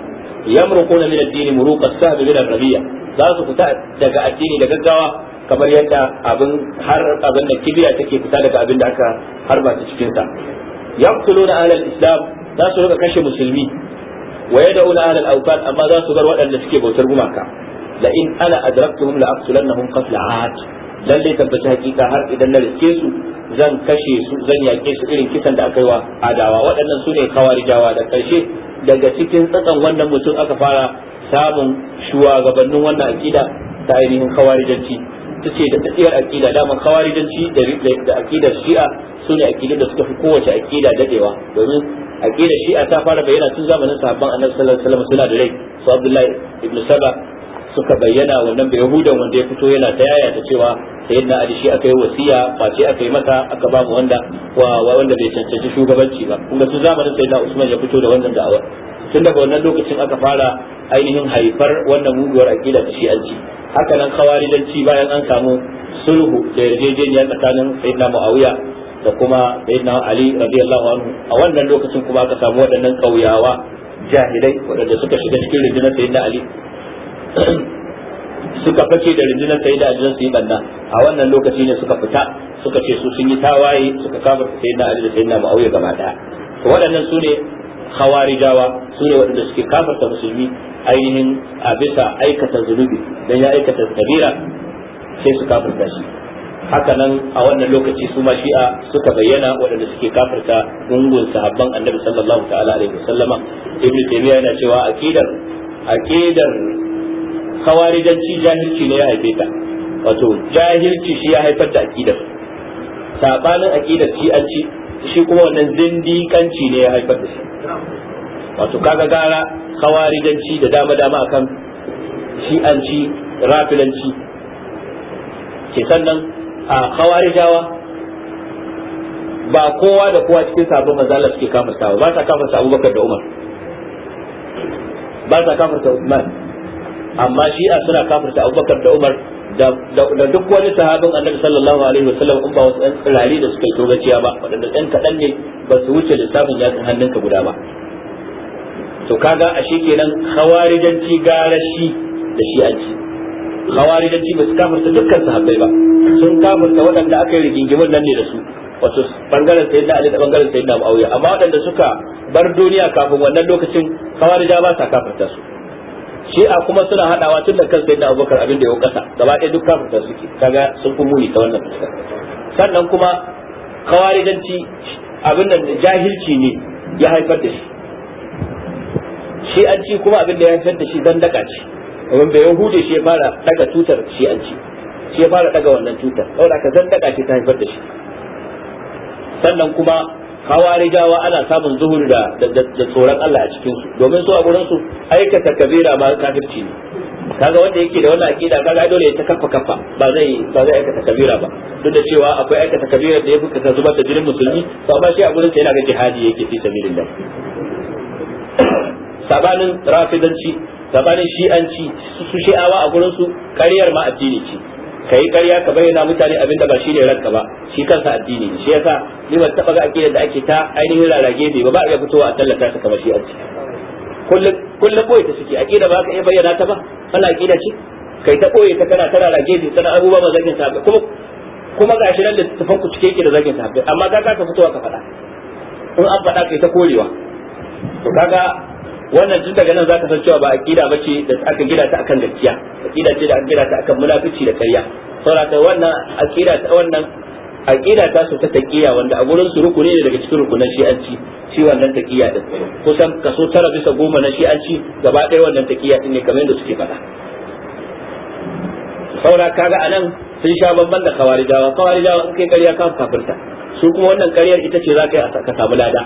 yamruquna min ad-din muruqa as min rabiya za su fita daga addini da gaggawa kamar yadda abin har abin da kibiya take fita daga abin da aka harba cikinsa. cikin sa yaqtuluna ahlal islam za su rika kashe musulmi wa yad'una ahlal awtan amma za su bar waɗanda suke bautar gumaka la in ana adraktuhum la aqtulannahum qatl aat Lallai tabbata hakika har idan na riske zan kashe su zan yake su irin kisan da aka wa adawa waɗannan su ne kawarijawa da karshe daga cikin tsakan wannan mutum aka fara samun shugabannin wannan akida ta ainihin kawarijanci ta ce da tsatsiyar akida dama kawarijanci da akidar shi'a sune ne da suka fi kowace akida dadewa domin aqida shi'a ta fara bayyana tun zamanin sahabban annabi sallallahu alaihi wasallam suna da rai su abdullahi ibn saba suka bayyana wannan bai yahudan wanda ya fito yana ta yaya ta cewa sayyidina ali shi aka yi wasiya face aka yi mata aka ba mu wanda wa wanda bai cancanci shugabanci ba kuma tun zamanin sayyidina usman ya fito da wannan da'awar tun daga wannan lokacin aka fara ainihin haifar wannan muguwar aqida ta shi'anci haka nan khawarijanci bayan an samu sulhu da yarjejeniya tsakanin sayyidina muawiya da kuma sayyidina ali radiyallahu anhu a wannan lokacin kuma aka samu waɗannan ƙauyawa jahilai waɗanda suka shiga cikin rundunar sayyidina ali suka fice da rundunar sayyidina ali don su yi banna a wannan lokaci ne suka fita suka ce su sun yi tawaye suka kafa sayyidina ali da sayyidina muawiya gaba daya to waɗannan su ne khawarijawa su ne waɗanda suke kafarta musulmi ainihin a bisa aikata zunubi dan ya aikata kabira sai su kafarta shi hakanan a wannan lokaci su ma shi'a suka bayyana waɗanda suke kafirta gungun sahabban annabi sallallahu ta'ala alaihi wasallama ibn taymiya yana cewa aqidar aqidar khawarijanci jahilci ne ya haife ta wato jahilci shi ya haifar da aqidar sabanin aqidar shi an ci shi kuma wannan zindiƙanci ne ya haifar da shi wato kaga gara khawarijanci da dama dama akan shi an ci rafilanci ke sannan a khawarijawa ba kowa da kowa cikin sabu manzala suke kafarta ba sa kafarta Abubakar da Umar ba sa kafarta Uthman amma shi'a suna kafarta Abubakar da Umar da duk wani sahabin annabi sallallahu alaihi wasallam in ba wasu ɗan tsirari da suka yi togaciya ba waɗanda ɗan kaɗan ne ba su wuce lissafin yatsun hannunka guda ba to kaga a shi kenan hawarijanci gara shi da ci. khawarijanci ba su kafirta dukkan sahabbai ba sun kafirta waɗanda aka yi rigingimin nan ne da su wato bangaren sayyid da ali da bangaren sayyid da muawiya amma waɗanda suka bar duniya kafin wannan lokacin khawarija ba sa kafirta su shi'a kuma suna hadawa tun da kan sayyid da abubakar abin da ya kasa gaba ɗaya duk kafirta suke kaga sun fi muni ta wannan fuskar sannan kuma khawarijanci abin nan jahilci ne ya haifar da shi an ci kuma abin da ya haifar da shi zan daka ce domin bai yahude shi ya fara daga tutar ci shi ya fara daga wannan tutar da ka zan daga ta haifar da shi sannan kuma hawarijawa ana samun zuhur da da tsoron Allah a cikin su domin su a gurin su aikata kabira ma kafirci ne kaga wanda yake da wannan aqida kaga dole ya ta kafa kafa ba zai ba zai aikata kabira ba duk da cewa akwai aikata kabira da ya fi zubar da jinin musulmi to amma shi a gurin sa yana ga jihadi yake fi sabilillah sabanin rafidanci sabanin shi'anci su shi'awa a gurin su ƙaryar ma addini ce kai ƙarya ka bayyana mutane abin da ba shi ne ranka ba shi kansa addini ne shi yasa ni ban taba ga akidar da ake ta ainihin rarage bai ba ba iya fitowa a tallata ta kamar shi'anci kullum kullum boye ta suke akida ba ka iya bayyana ta ba wannan akida ce kai ta boye ta kana tara rage ne tana abubuwa ba zakin ta kuma kuma gashi nan da tafan ku cike yake da zakin ta amma ka ka fitowa ka faɗa in an faɗa kai ta korewa to kaga wannan tun daga nan zaka san cewa ba aqida bace da aka gida ta akan gaskiya aqida ce da aka gida ta akan munafici da ƙarya saboda wannan aqida ta wannan aqida ta su ta taqiya wanda a gurin su rukuni ne daga cikin rukunan shi'anci shi wannan taqiya din kusan kaso tara bisa goma na shi'anci gaba ɗaya wannan taqiya din ne kamar yadda suke faɗa saura kaga anan sun sha bamban da kawarijawa kawarijawa in kai ƙarya ka kafirta su kuma wannan ƙaryar ita ce za ka yi a samu lada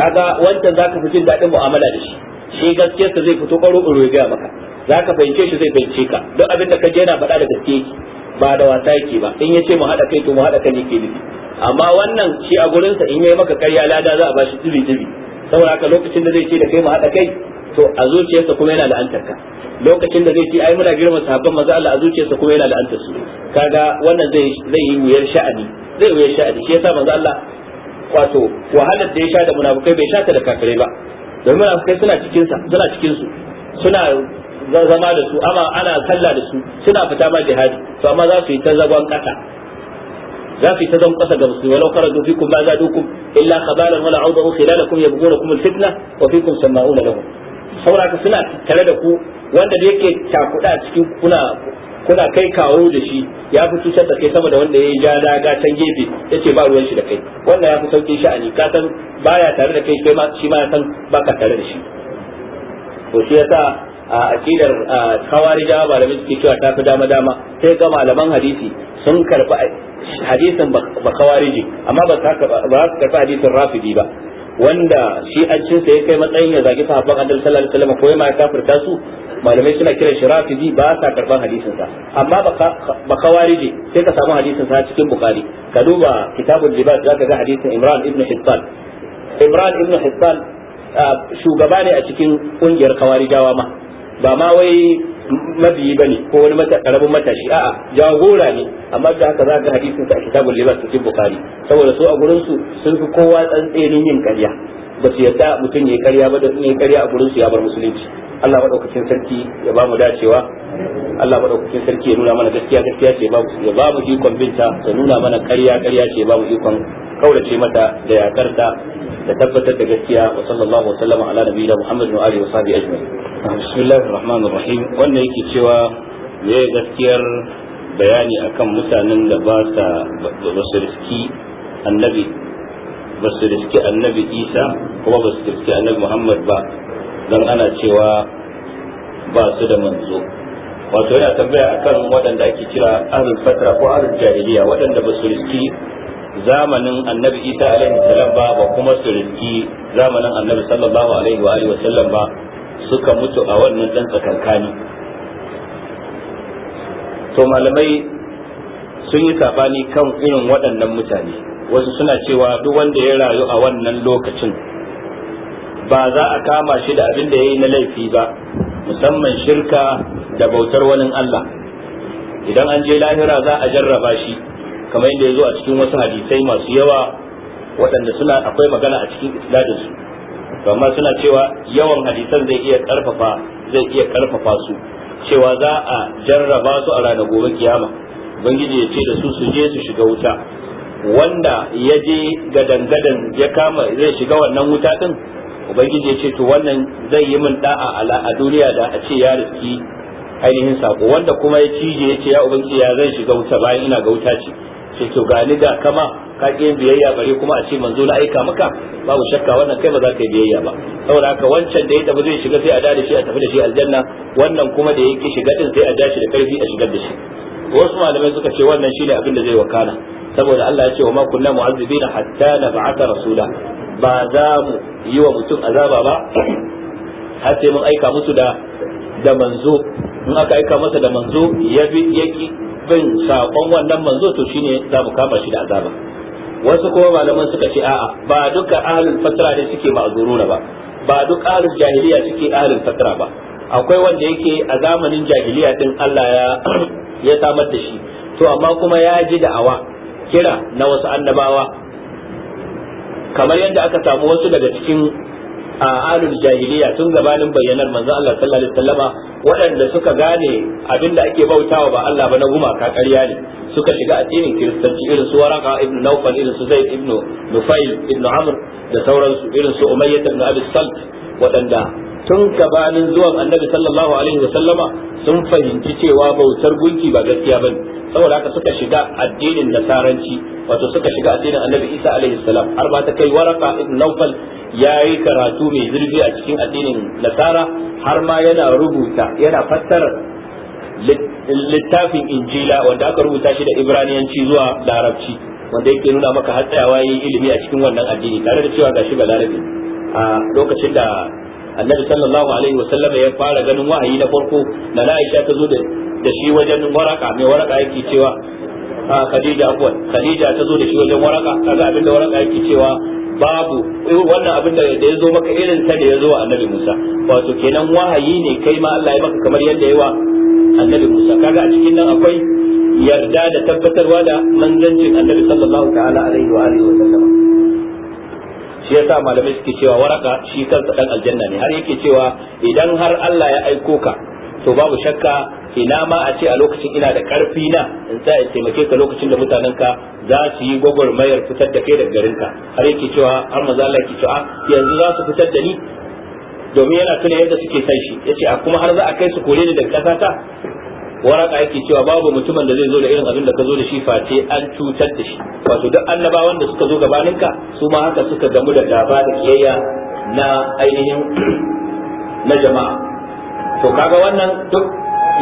kaga wancan zaka fi jin daɗin mu'amala da shi shi gaskiyarsa zai fito karo in robiya maka zaka fahimce shi zai fahimce ka duk abin da ka je yana faɗa da gaske ba da wasa yake ba in yace mu haɗa kai to mu haɗa kai yake nufi amma wannan shi a gurinsa in yayi maka ƙarya lada za a bashi jibi jibi saboda haka lokacin da zai ce da kai mu haɗa kai to a zuciyarsa kuma yana la'antar ka lokacin da zai ce ai muna girma sahabban maza Allah a zuciyarsa kuma yana la'antar su kaga wannan zai zai yi wuyar sha'ani zai wuyar sha'ani shi yasa manzo Allah wato wahalar da ya sha da munafukai bai sha ta da kafirai ba domin munafukai suna cikin sa suna cikin su suna zama da su amma ana sallah da su suna fita ma jihadi to amma za su yi ta zagon kasa za su yi ta zagon kasa ga musulmi walau kun fikum za zadukum illa qabalan wala awdahu khilalakum yabghunakum alfitna wa fikum sama'una lahum saboda suna tare da ku wanda da yake cakuda cikin kuna kuna kai kawo da shi ya fi cutar da kai sama da wanda ya yi ja daga can gefe ya ce ba ruwan shi da kai wanda ya fi sauƙin sha'ani ka san baya tare da kai kai ma shi ma ya san ba ka tare da shi to shi yasa a aqidar khawarija malamin suke cewa ta fi dama dama sai ga malaman hadisi sun karbi hadisin ba khawariji amma ba za su karbi hadisin rafidi ba wanda shi an cin sa ya kai matsayin ya zagi sahabban annabi sallallahu alaihi wasallam ko ya kafirta su malamai suna kiran shi rafidi ba sa karban hadisin sa amma ba kawarije sai ka samu hadisin sa cikin bukhari ka duba kitabul jibal zaka ga hadisin imran ibn hisban imran ibn hisban ah, shugaba ne a cikin kungiyar kawarijawa ma ba ma wai mabiyi bane ko wani mata karamin matashi a'a jagora ne amma da haka za ga hadisin sa a kitabul liman cikin bukhari saboda su a gurin su sun fi kowa tsantsenin yin ƙarya ba su yadda mutum ya karya ba da sun yi karya a gurin su ya bar musulunci Allah madaukakin sarki ya ba mu dacewa Allah madaukakin sarki ya nuna mana gaskiya gaskiya ce ya ba mu ikon binta ya nuna mana karya karya ce ba mu ikon kaurace mata da yakarta da tabbatar da gaskiya wa sallallahu wa sallama ala nabiyina muhammadin wa alihi wa sahbihi ajma'in bismillahir rahmanir rahim wannan yake cewa me gaskiyar bayani akan mutanen da ba sa ba su riski annabi ba su riski annabi isa kuma ba su riski annabi muhammad ba don ana cewa ba su da manzo wato yana tambaya akan waɗanda ake kira ahlul fatra ko ahlul jahiliya waɗanda ba su riski zamanin annabi isa alaihi salam ba ba kuma su riski zamanin annabi sallallahu alaihi wa alihi wasallam ba suka mutu a wannan dan tsakankani to malamai sun yi sabani kan irin waɗannan mutane wasu suna cewa duk wanda ya rayu a wannan lokacin ba za a kama shi da abin da ya yi na laifi ba musamman shirka da bautar wani Allah idan an je lahira za a jarraba shi kamar yadda ya zo a cikin wasu hadisai masu yawa waɗanda suna akwai magana a cikin isnadin su amma suna cewa yawan hadisan zai iya karfafa zai iya karfafa su cewa za a jarraba su a ranar gobe kiyama ubangiji ya ce da su su je su shiga wuta wanda ya je gadangadan ya kama zai shiga wannan wuta din ubangiji ya ce to wannan zai yi min da'a ala a duniya da a ce ya riski ainihin sako wanda kuma ya cije ya ce ya ubangiji ya zai shiga wuta bayan ina ga wuta ce ce to ga ni kama ka ki biyayya bare kuma a ce manzo na aika maka babu shakka wannan kai ba za ka yi biyayya ba saboda haka wancan da ya tafi zai shiga sai a da shi a tafi da shi aljanna wannan kuma da yake shiga din sai a dashi da karfi a shigar da shi wasu malamai suka ce wannan shine abin da zai wakana saboda Allah ya ce wa ma kunna mu'azzibina hatta nab'atha rasula ba za mu yi wa mutum azaba ba har sai mun aika musu da da manzo mun aka aika masa da manzo ya bi yaki bin sakon wannan manzo to shine za mu kama shi da azaba wasu kuma malaman suka ce a'a ba duka ahlul fatra ne suke ma'zuruna ba ba duk ahlul jahiliya suke ahlul fatra ba akwai wanda yake a zamanin jahiliya din Allah ya ya samar da shi to amma kuma ya ji awa kira na wasu annabawa kamar yadda aka samu wasu daga cikin alul jahiliya tun gabanin bayyanar manzo Allah sallallahu alaihi wasallama waɗanda suka gane abin da ake bautawa ba Allah ba na gumaka ƙarya ne suka shiga addinin kiristanci irin su waraka ibn nawfal irin su zaid ibn nufail ibn amr da sauransu irin su umayyah ibn abi salt waɗanda tun gabanin zuwan annabi sallallahu alaihi sallama sun fahimci cewa bautar gunki ba gaskiya bane saboda haka suka shiga addinin nasaranci wato suka shiga addinin annabi isa alaihi salam har ma ta kai waraka ibn nawfal yayi karatu mai zurfi a cikin addinin nasara har ma yana rubuta yana fassara littafin injila wanda aka rubuta shi da ibraniyanci zuwa larabci wanda yake nuna maka har tsayawa yi ilimi a cikin wannan addini tare da cewa gashi ga larabi a lokacin da annabi sallallahu alaihi wa sallam ya fara ganin wahayi na farko da Aisha ta zo da shi wajen waraka mai waraka yake cewa a ah, Khadija akwai. Khadija ta zo da shi wajen waraka kaga abin da waraka yake cewa babu wannan abin da ya zo maka irin sa da ya zo annabi Musa wato kenan wahayi ne kai ma Allah ya maka kamar yadda yawa annabi Musa kaga a cikin nan akwai yarda da tabbatarwa da manzancin annabi sallallahu ta'ala alaihi wa alihi wa sallam shi yasa malamai suke cewa waraka shi kansa dan aljanna ne har yake cewa idan har Allah ya aiko ka to babu shakka ina ma a ce a lokacin ina da karfi na in sa in taimake ka lokacin da mutanen ka za su yi gwagwarmayar fitar da kai daga garin ka har yake cewa har manzo Allah yake cewa ah, yanzu za su fitar da ni domin yana tuna yadda suke san shi yace a ah, kuma har za a kai su kore ni daga ƙasa ta waraka yake cewa babu mutumin da zai zo da irin abin da ka zo da shi face an cutar da shi wato duk annabawan da suka zo gabaninka su ma haka suka gamu da gaba da kiyayya na ainihin na jama'a to kaga wannan duk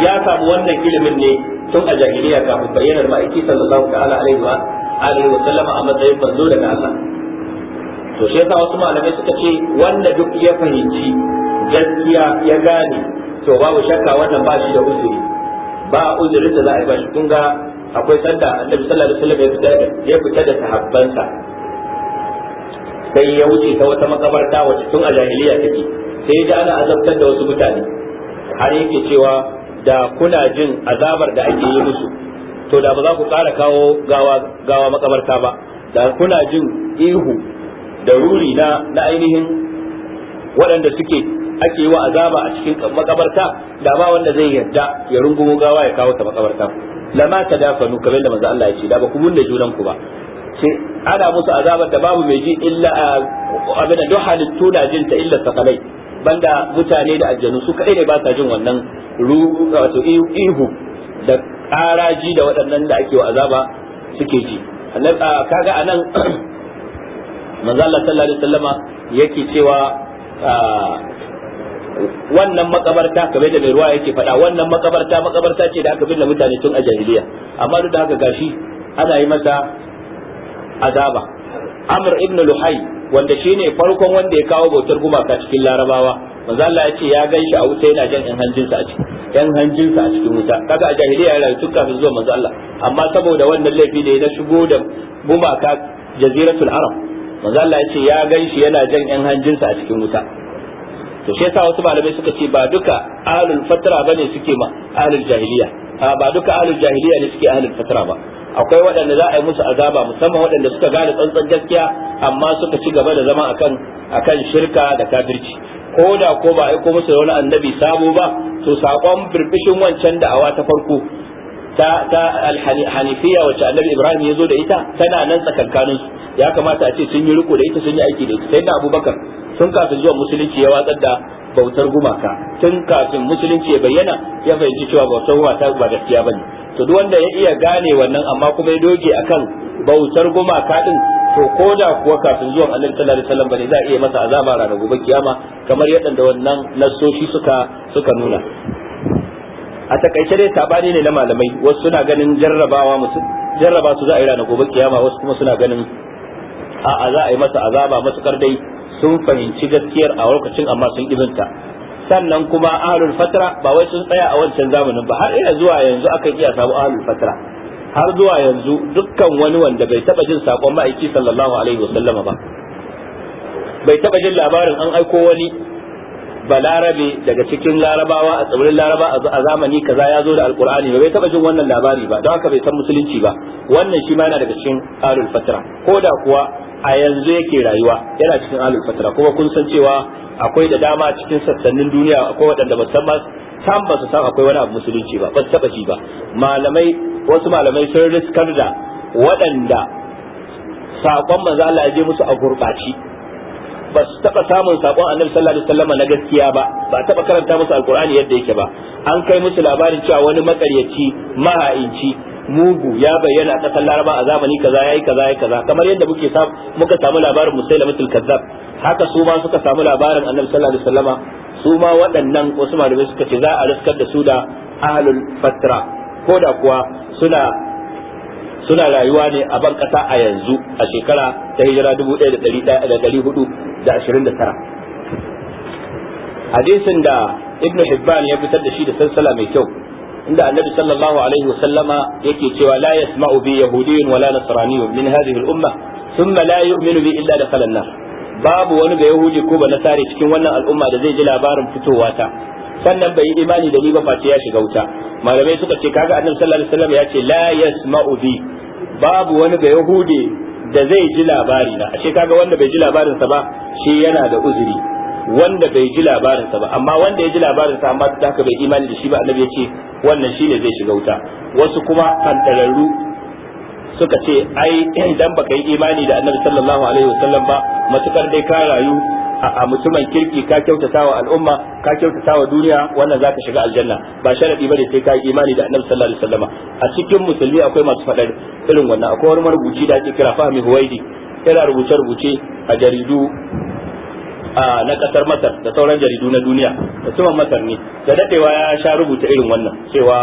ya samu wannan ilimin ne tun a jahiliya kafin bayyanar ma'aiki sallallahu ta'ala alaihi wa alihi wa sallama a matsayin banzo da Allah to shi yasa wasu malamai suka ce wanda duk ya fahimci gaskiya ya gane to babu shakka wannan ba shi da uzuri ba uzurin da za a yi bashi kun ga akwai sanda annabi sallallahu alaihi wasallam ya fita da ya sahabbansa sai ya wuce ta wata makabarta wacce tun a jahiliya take sai ya ana azabtar da wasu mutane har yake cewa da kuna jin azabar da ake yi musu to da ba za ku ƙara kawo gawa gawa makabarta ba da kuna jin ihu da ruri na na ainihin waɗanda suke ake yi wa azaba a cikin makabarta da ba wanda zai yarda ya rungumo gawa ya kawo ta makabarta lama ta dafanu kamar da manzo Allah ya ce da ba ku bunne junan ku ba ce ana musu azabar da babu mai ji illa abin da duk halittu na jin ta illa sakalai banda mutane da aljanu su kadai ne ba sa jin wannan wato ihu da karaji da waɗannan da ake wa azaba suke ji kaga anan manzo Allah sallallahu alaihi wasallama yake cewa wannan makabarta kamar da mai ruwa yake faɗa wannan makabarta makabarta ce da aka binne mutane tun a jahiliya amma duk da haka gashi ana yi masa azaba amr ibn luhai wanda shine farkon wanda ya kawo bautar gumaka cikin larabawa manzo Allah ya ce ya ganshi a wuta yana jan yan hanjinsa a cikin yan sa a cikin wuta kaga a jahiliya ya rayu tun kafin zuwa manzo Allah amma saboda wannan laifi da ya na shigo da gumaka jaziratul arab manzo Allah ya ce ya ganshi yana jan yan hanjinsa a cikin wuta to shi yasa wasu malamai suka ce ba duka ahlul fatra bane suke ma ahlul jahiliya ba duka ahlul jahiliya ne suke ahlul fatra ba akwai waɗanda za a yi musu azaba musamman waɗanda suka gane tsantsan gaskiya amma suka ci gaba da zama akan akan shirka da kafirci ko da ko ba aiko musu da wani annabi sabo ba to sakon birbishin wancan da'awa ta farko ta ta alhanifiya wacce annabi ibrahim ya zo da ita tana nan tsakankaninsu ya kamata a ce sun yi riko da ita sun yi aiki da ita sai da abubakar tun kafin zuwa musulunci ya watsar da bautar gumaka tun kafin musulunci ya bayyana ya fahimci cewa bautar gumaka ba gaskiya bane to duk wanda ya iya gane wannan amma kuma ya doge akan bautar gumaka din to ko da kuwa kafin zuwan annabi sallallahu alaihi wasallam bane za a iya masa azaba ranar gobe kiyama kamar yadda wannan nasoshi suka suka nuna a takaice dai sabani ne na malamai wasu suna ganin jarrabawa musu jarraba su za a yi ranar gobe kiyama wasu kuma suna ganin a'a za a yi masa azaba matukar dai sun fahimci gaskiyar a lokacin amma sun ibinta sannan kuma ahlul fatra ba wai sun tsaya a wancan zamanin ba har ina zuwa yanzu akan iya samu ahlul fatra har zuwa yanzu dukkan wani wanda bai taba jin sakon ma'aiki sallallahu alaihi wasallama ba bai taba jin labarin an aiko wani balarabe daga cikin larabawa a tsibirin laraba a zamani kaza ya zo da alkur'ani bai taba jin wannan labari ba don haka bai san musulunci ba wannan shi ma yana daga cikin ahlul fatra ko da kuwa a yanzu yake rayuwa yana cikin alul fatara kuma kun san cewa akwai da dama cikin sassanin duniya akwai waɗanda musamman san ba su san akwai wani abu musulunci ba ba su taba shi ba malamai wasu malamai sun riskar da waɗanda saƙon manzo Allah ya je musu a gurɓaci ba su taba samun saƙon annabi sallallahu alaihi wasallam na gaskiya ba ba taba karanta musu alqur'ani yadda yake ba an kai musu labarin cewa wani makaryaci maha'inci mugu ya bayyana a kasar laraba a zamani kaza yayi kaza yayi kaza kamar yadda muke muka samu labarin musailamatul kazzab haka su ma suka samu labarin annabi sallallahu alaihi wasallama su ma waɗannan wasu malamai suka ce za a riskar da su da ahlul fatra ko da kuwa suna suna rayuwa ne a ban kasa a yanzu a shekara ta hijira 1429 hadisin da ibnu hibban ya fitar da shi da sansala mai kyau inda annabi sallallahu alaihi wasallama yake cewa la yasma'u bi yahudiyyun wala nasraniyyun min hadhihi al-umma thumma la yu'minu bi illa da an-nar babu wani da yahudi ko ba na sare cikin wannan al'umma da zai ji labarin fitowa ta sannan bai yi imani da ni ba face ya shiga wuta malamai suka ce kaga annabi sallallahu alaihi wasallam ya ce la yasma'u babu wani da yahudi da zai ji labari na ashe kaga wanda bai ji labarin sa ba shi yana da uzuri wanda bai ji labarinsa ba amma wanda ya ji labarinsa amma duk haka bai imani da shi ba annabi ya ce wannan shine zai shiga wuta wasu kuma kantararru suka ce ai idan baka yi imani da annabi sallallahu alaihi wasallam ba matukar dai ka rayu a mutumin kirki ka kyautata wa al'umma ka kyautata wa duniya wannan zaka shiga aljanna ba sharadi bane sai ka yi imani da annabi sallallahu alaihi wasallam a cikin musulmi akwai masu fadar irin wannan akwai wani marubuci da ake kira Fahmi Huwaidi yana rubuce-rubuce a jaridu na kasar masar da sauran jaridu na duniya musamman masar ne da dadewa ya sha rubuta irin wannan cewa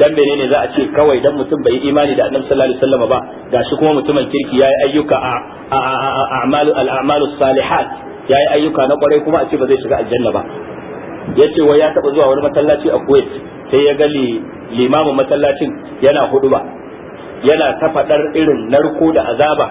dan ne za a ce kawai dan mutum bai imani da annabi sallallahu alaihi wasallam ba gashi kuma mutumin kirki yayi ayyuka a a'malu al-a'malu salihat yayi ayyuka na kwarai kuma a ce ba zai shiga aljanna ba yace wai ya taba zuwa wani masallaci a Kuwait sai ya ga limamin masallacin yana huduba yana ta faɗar irin narko da azaba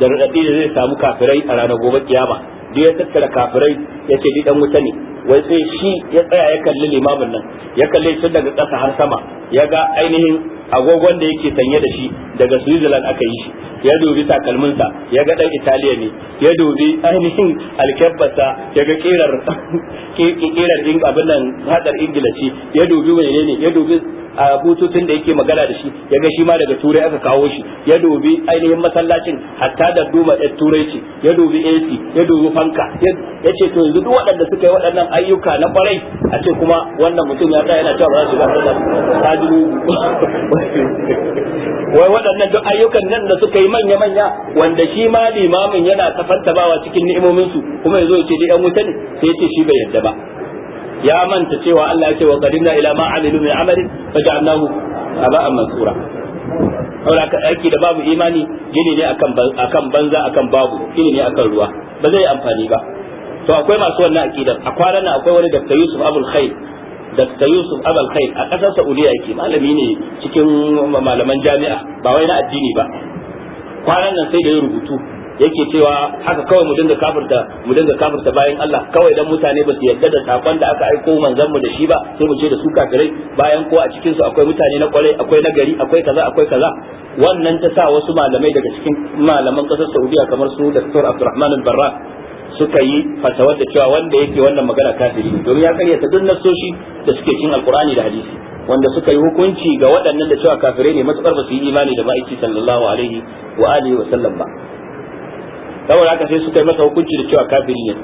da raɗaɗi da zai samu kafirai a ranar gobe kiyama duk ya tattara kafirai ya ce wuta ne wai sai shi ya tsaya ya kalli limamin nan ya kalli shi daga ƙasa har sama ya ga ainihin agogon da yake sanye da shi daga Switzerland aka yi shi ya dubi takalminsa ya ga ɗan Italiya ne ya dubi ainihin alkebbarsa ya ga kirar abin nan hadar Ingila ce ya dubi wani ne ya dubi a bututun da yake magana da shi ya ga shi ma daga turai aka kawo shi ya dubi ainihin masallacin hatta da duma ɗan turai ce ya dubi AC ya dubi fanka ya ce to yanzu duk waɗanda suka yi waɗannan ayyuka na kwarai a ce kuma wannan mutum ya tsaya yana cewa ba za su ba ta wai waɗannan duk ayyukan nan da suka yi manya-manya wanda shi ma limamin yana tafantabawa cikin ni'imomin su? kuma ya zo ya ce dai 'yan wuta ne sai ya ce shi bai yadda ba ya manta cewa Allah ya ce wa qadimna ila ma amilu min amalin faj'alnahu aba'an mansura saboda ka aiki da babu imani gini ne akan akan banza akan babu gini ne akan ruwa ba zai amfani ba to akwai masu wannan akidar a kwanan nan akwai wani Dr. Yusuf Abul Khair Dr. Yusuf Abul Khair a kasar Saudiya yake malami ne cikin malaman jami'a ba wai na addini ba kwanan nan sai da ya rubutu yake cewa haka kawai mu dinga kafirta mu dinga kafirta bayan Allah kawai dan mutane ba su yarda da sakon da aka aiko manzon mu da shi ba sai mu ce da su kafirai bayan ko a cikin su akwai mutane na kwarai akwai na gari akwai kaza akwai kaza wannan ta sa wasu malamai daga cikin malaman kasar Saudiya kamar su Dr. Abdulrahman Al-Barra suka yi fatawar da cewa wanda yake wannan magana kafiri domin ya karyata duk nasoshi da suke cikin Alkur'ani da hadisi wanda suka yi hukunci ga waɗannan da cewa kafirai ne matukar ba su yi imani da ma'aiki sallallahu alaihi wa alihi wa sallam ba saboda haka sai suka yi masa hukunci da cewa kafiri ne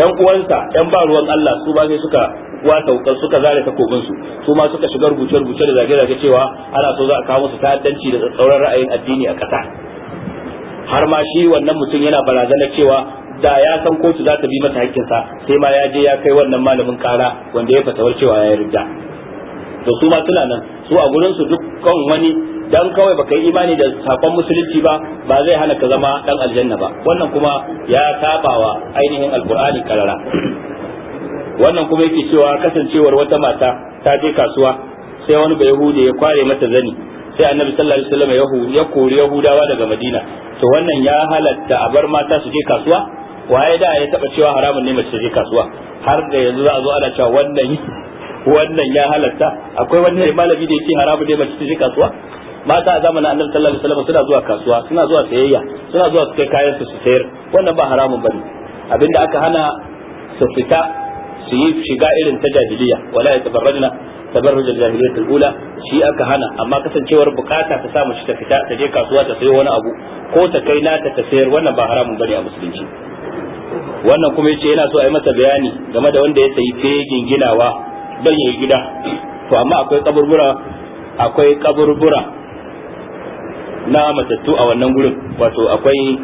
yan uwansa yan ba ruwan Allah su ba sai suka wata wukan suka zare takobin su su ma suka shiga rubuce rubuce da zage zage cewa ana so za a kawo musu ta'addanci da tsatsauran ra'ayin addini a ƙasa har ma shi wannan mutum yana barazana cewa da ya san kotu za ta bi masa hakkinsa sai ma ya je ya kai wannan malamin kara wanda ya fatawar cewa ya yarda to su ma tuna nan su a gurin su dukkan wani dan kawai baka yi imani da sakon musulunci ba ba zai hana ka zama dan aljanna ba wannan kuma ya tabawa ainihin alqur'ani karara wannan kuma yake cewa kasancewar wata mata ta je kasuwa sai wani bai hude ya kware mata zani sai annabi sallallahu alaihi wasallam ya kori yahudawa daga madina to wannan ya halatta a bar mata su je kasuwa waye da ya taba cewa haramun ne mace je kasuwa har da yanzu za a zo ana cewa wannan wannan ya halatta akwai wani ne malami da yake haramu ne mace ta je kasuwa mata a zamanin annabi sallallahu alaihi wasallam suna zuwa kasuwa suna zuwa sayayya suna zuwa su kai kayan su su sayar wannan ba haramun bane abinda aka hana su fita su yi shiga irin ta jahiliya wala ya tabarrajna tabarruj al-jahiliyyah al-ula shi aka hana amma kasancewar bukata ta samu shi ta fita ta je kasuwa ta sayo wani abu ko ta kai nata ta sayar wannan ba haramun bane a musulunci wannan kuma yace yana so a yi masa bayani game da wanda ya sayi fegin ginawa don ya gida to amma akwai kaburbura akwai kaburbura na matattu a wannan gurin wato akwai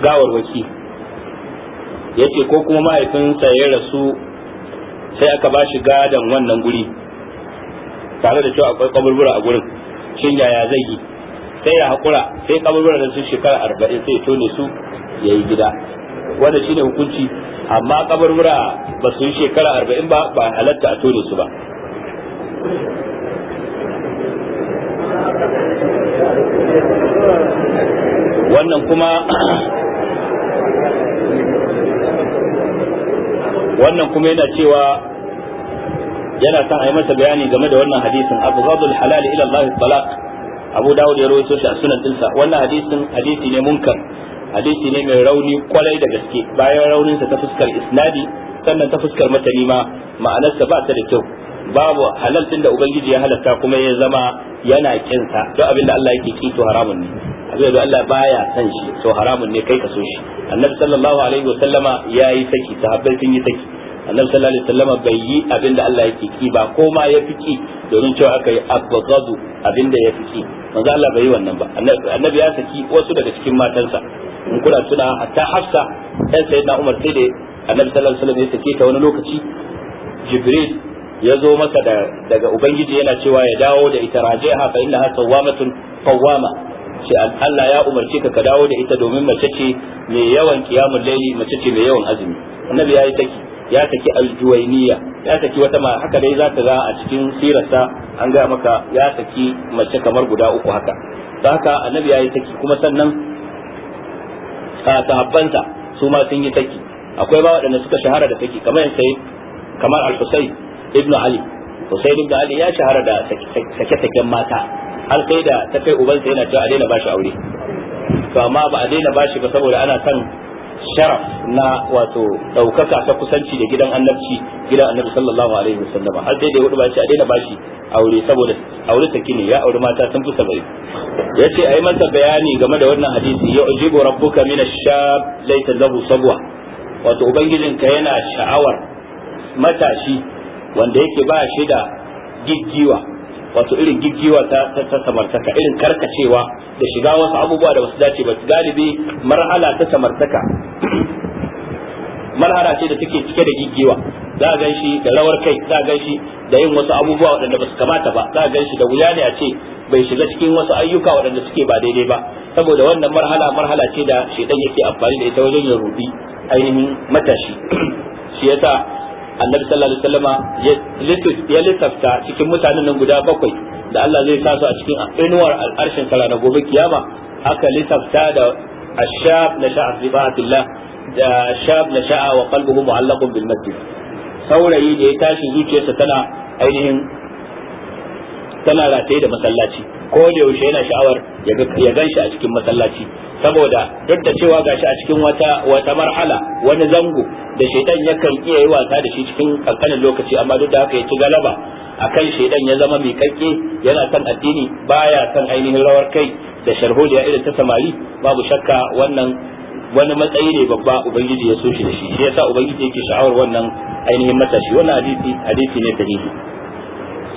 gawarwaki yace ko kuma mahaifinsa ya rasu sai aka ba shi gadon wannan guri tare da cewa akwai kaburbura a gurin shin yaya zai yi sai ya haƙura sai kaburbura da su shekara arba'in sai tone su ya yi gida wannan shine hukunci amma kaburbura ba su yi shekara arba'in ba ba halatta a tone su ba wannan kuma wannan kuma yana cewa yana son a yi masa bayani game da wannan hadisin abu zadul halal ila Allah talaq Abu Dawud ya rawaito shi a sunan dinsa wannan hadisin hadisi ne munkar hadisi ne mai rauni kwarai da gaske bayan raunin sa ta fuskar isnadi sannan ta fuskar matani ma ma'anarsa ba ta da kyau babu halal din da ubangiji ya halatta kuma ya zama yana kin sa to abin da Allah yake ki to haramun ne abin da Allah baya san shi to haramun ne kai ka so shi annabi sallallahu alaihi wasallama yayi saki sahabbai sun yi saki annabi sallallahu alaihi wasallama bai yi abin da Allah yake ki ba ko ma ya fiki domin cewa aka yi abghadu abin da ya fiki manzo Allah bai yi wannan ba annabi ya saki wasu daga cikin matansa in kuna tuna hatta hafsa ɗan na umar sai da annabi sallallahu alaihi wasallam ya sake ta wani lokaci jibril ya zo masa daga ubangiji yana cewa ya dawo da ita rajiha fa innaha sawwamatun qawwama ce Allah ya umarce ka ka dawo da ita domin mace ce mai yawan kiyamul laili mace ce mai yawan azumi annabi ya yi ya saki aljuwainiya ya saki wata ma haka dai za ta ga a cikin sirarsa an ga maka ya saki mace kamar guda uku haka don haka annabi ya yi saki kuma sannan sahabbansa su ma sun yi saki akwai ba waɗanda suka shahara da saki kamar sai kamar al-Husayn ibn Ali Husayn ibn Ali ya shahara da sake-saken mata har sai da ta kai ubansa yana cewa a daina bashi aure to amma ba a daina bashi ba saboda ana san sharaf na wato daukaka ta kusanci da gidan annabci gidan annabi sallallahu alaihi wasallam har dai da hudu bashi a daina bashi aure saboda aure take ne ya aure mata sun fi ce yace ayi masa bayani game da wannan hadisi ya ujibu rabbuka min ash-shab laita lahu sabwa wato ubangijin ka yana sha'awar matashi wanda yake ba shi da giggiwa wato irin giggiwa ta ta samartaka irin karkacewa da shiga wasu abubuwa da wasu dace ba galibi marhala ta samartaka marhala ce da take cike da giggiwa za a ganshi da rawar kai za a ganshi da yin wasu abubuwa waɗanda ba su kamata ba za a ganshi da wuya ne a ce bai shiga cikin wasu ayyuka waɗanda suke ba daidai ba saboda wannan marhala marhala ce da shedan yake amfani da ita wajen ya rubi ainihin matashi shi yasa annabi sallallahu alaihi wasallama ya lissafta cikin mutanen nan guda bakwai da Allah zai sa su a cikin inuwar al'arshin sa na gobe kiyama aka lissafta da ashab na sha'a ribatillah da ashab na sha'a wa qalbuhu mu'allaqun bil masjid saurayi da ya tashi zuciyarsa tana ainihin tana rataye da masallaci ko da yaushe yana sha'awar ya gan shi a cikin masallaci saboda duk da cewa gashi a cikin wata wata marhala wani zango da shaidan yakan iya yi wasa da shi cikin kankanin lokaci amma duk da haka ya ci galaba akan shaidan ya zama mai kakke yana son addini baya son ainihin rawar kai da ya irin ta samari babu shakka wannan wani matsayi ne babba ubangiji ya so shi da shi shi yasa ubangiji yake sha'awar wannan ainihin matashi wannan hadisi hadisi ne sahihi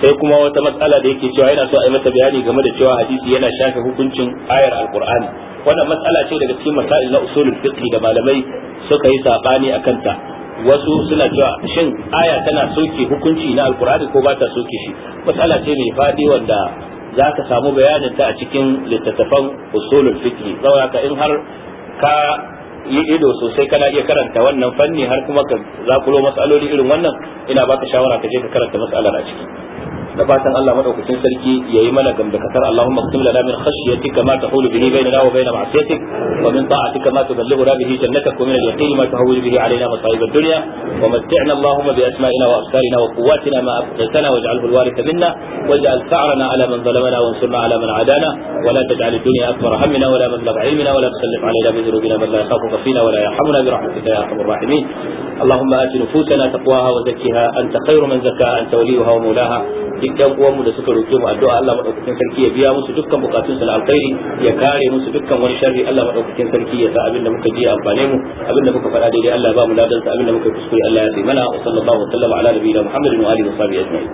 sai kuma wata matsala da yake cewa yana so a yi mata bayani game da cewa hadisi yana shafe hukuncin ayar alqur'ani wannan matsala ce daga cikin masail na usulul fiqh da malamai suka yi sabani akan ta wasu suna cewa shin aya tana soke hukunci na alqur'ani ko ba ta soke shi matsala ce mai fadi wanda za ka samu bayanin ta a cikin littattafan usulul fiqh saboda in har ka yi ido sosai kana iya karanta wannan fanni har kuma ka zakulo masaloli irin wannan ina baka shawara ka je ka karanta matsalar a ciki da fatan Allah madaukakin sarki yayi mana gambakatar Allahumma qtim lana min khashyatika ma tahulu bihi bainana wa baina ma'siyatik wa min ta'atika ma tuballighu bihi jannatak wa min al-yaqin ma tahulu bihi alayna masa'ib ad-dunya wa mat'na Allahumma bi asma'ina wa afkarina wa quwwatina ma abqaytana waj'alhu al-waritha minna waj'al sa'rana ala man zalamana wa ansurna ala man adana wa la taj'al ad-dunya akbar hammina wa la mablagh 'ilmina wa la tusallit alayna bi dhurubina man la yakhafuka fina wa la yarhamuna ya arhamar rahimin اللهم آت نفوسنا تقواها وزكها أنت dukkan ƴan uwanmu da suka roke mu addu'a Allah madaukakin sarki ya biya musu dukkan bukatun su na alkhairi ya kare musu dukkan wani sharri Allah madaukakin sarki ya sa abin da muka ji amfane mu abin da muka faɗa daidai Allah ba mu ladan sa abin da muka kuskure Allah ya sai mana wa sallallahu wa sallama ala nabiyina Muhammadin wa alihi wa sahbihi ajma'in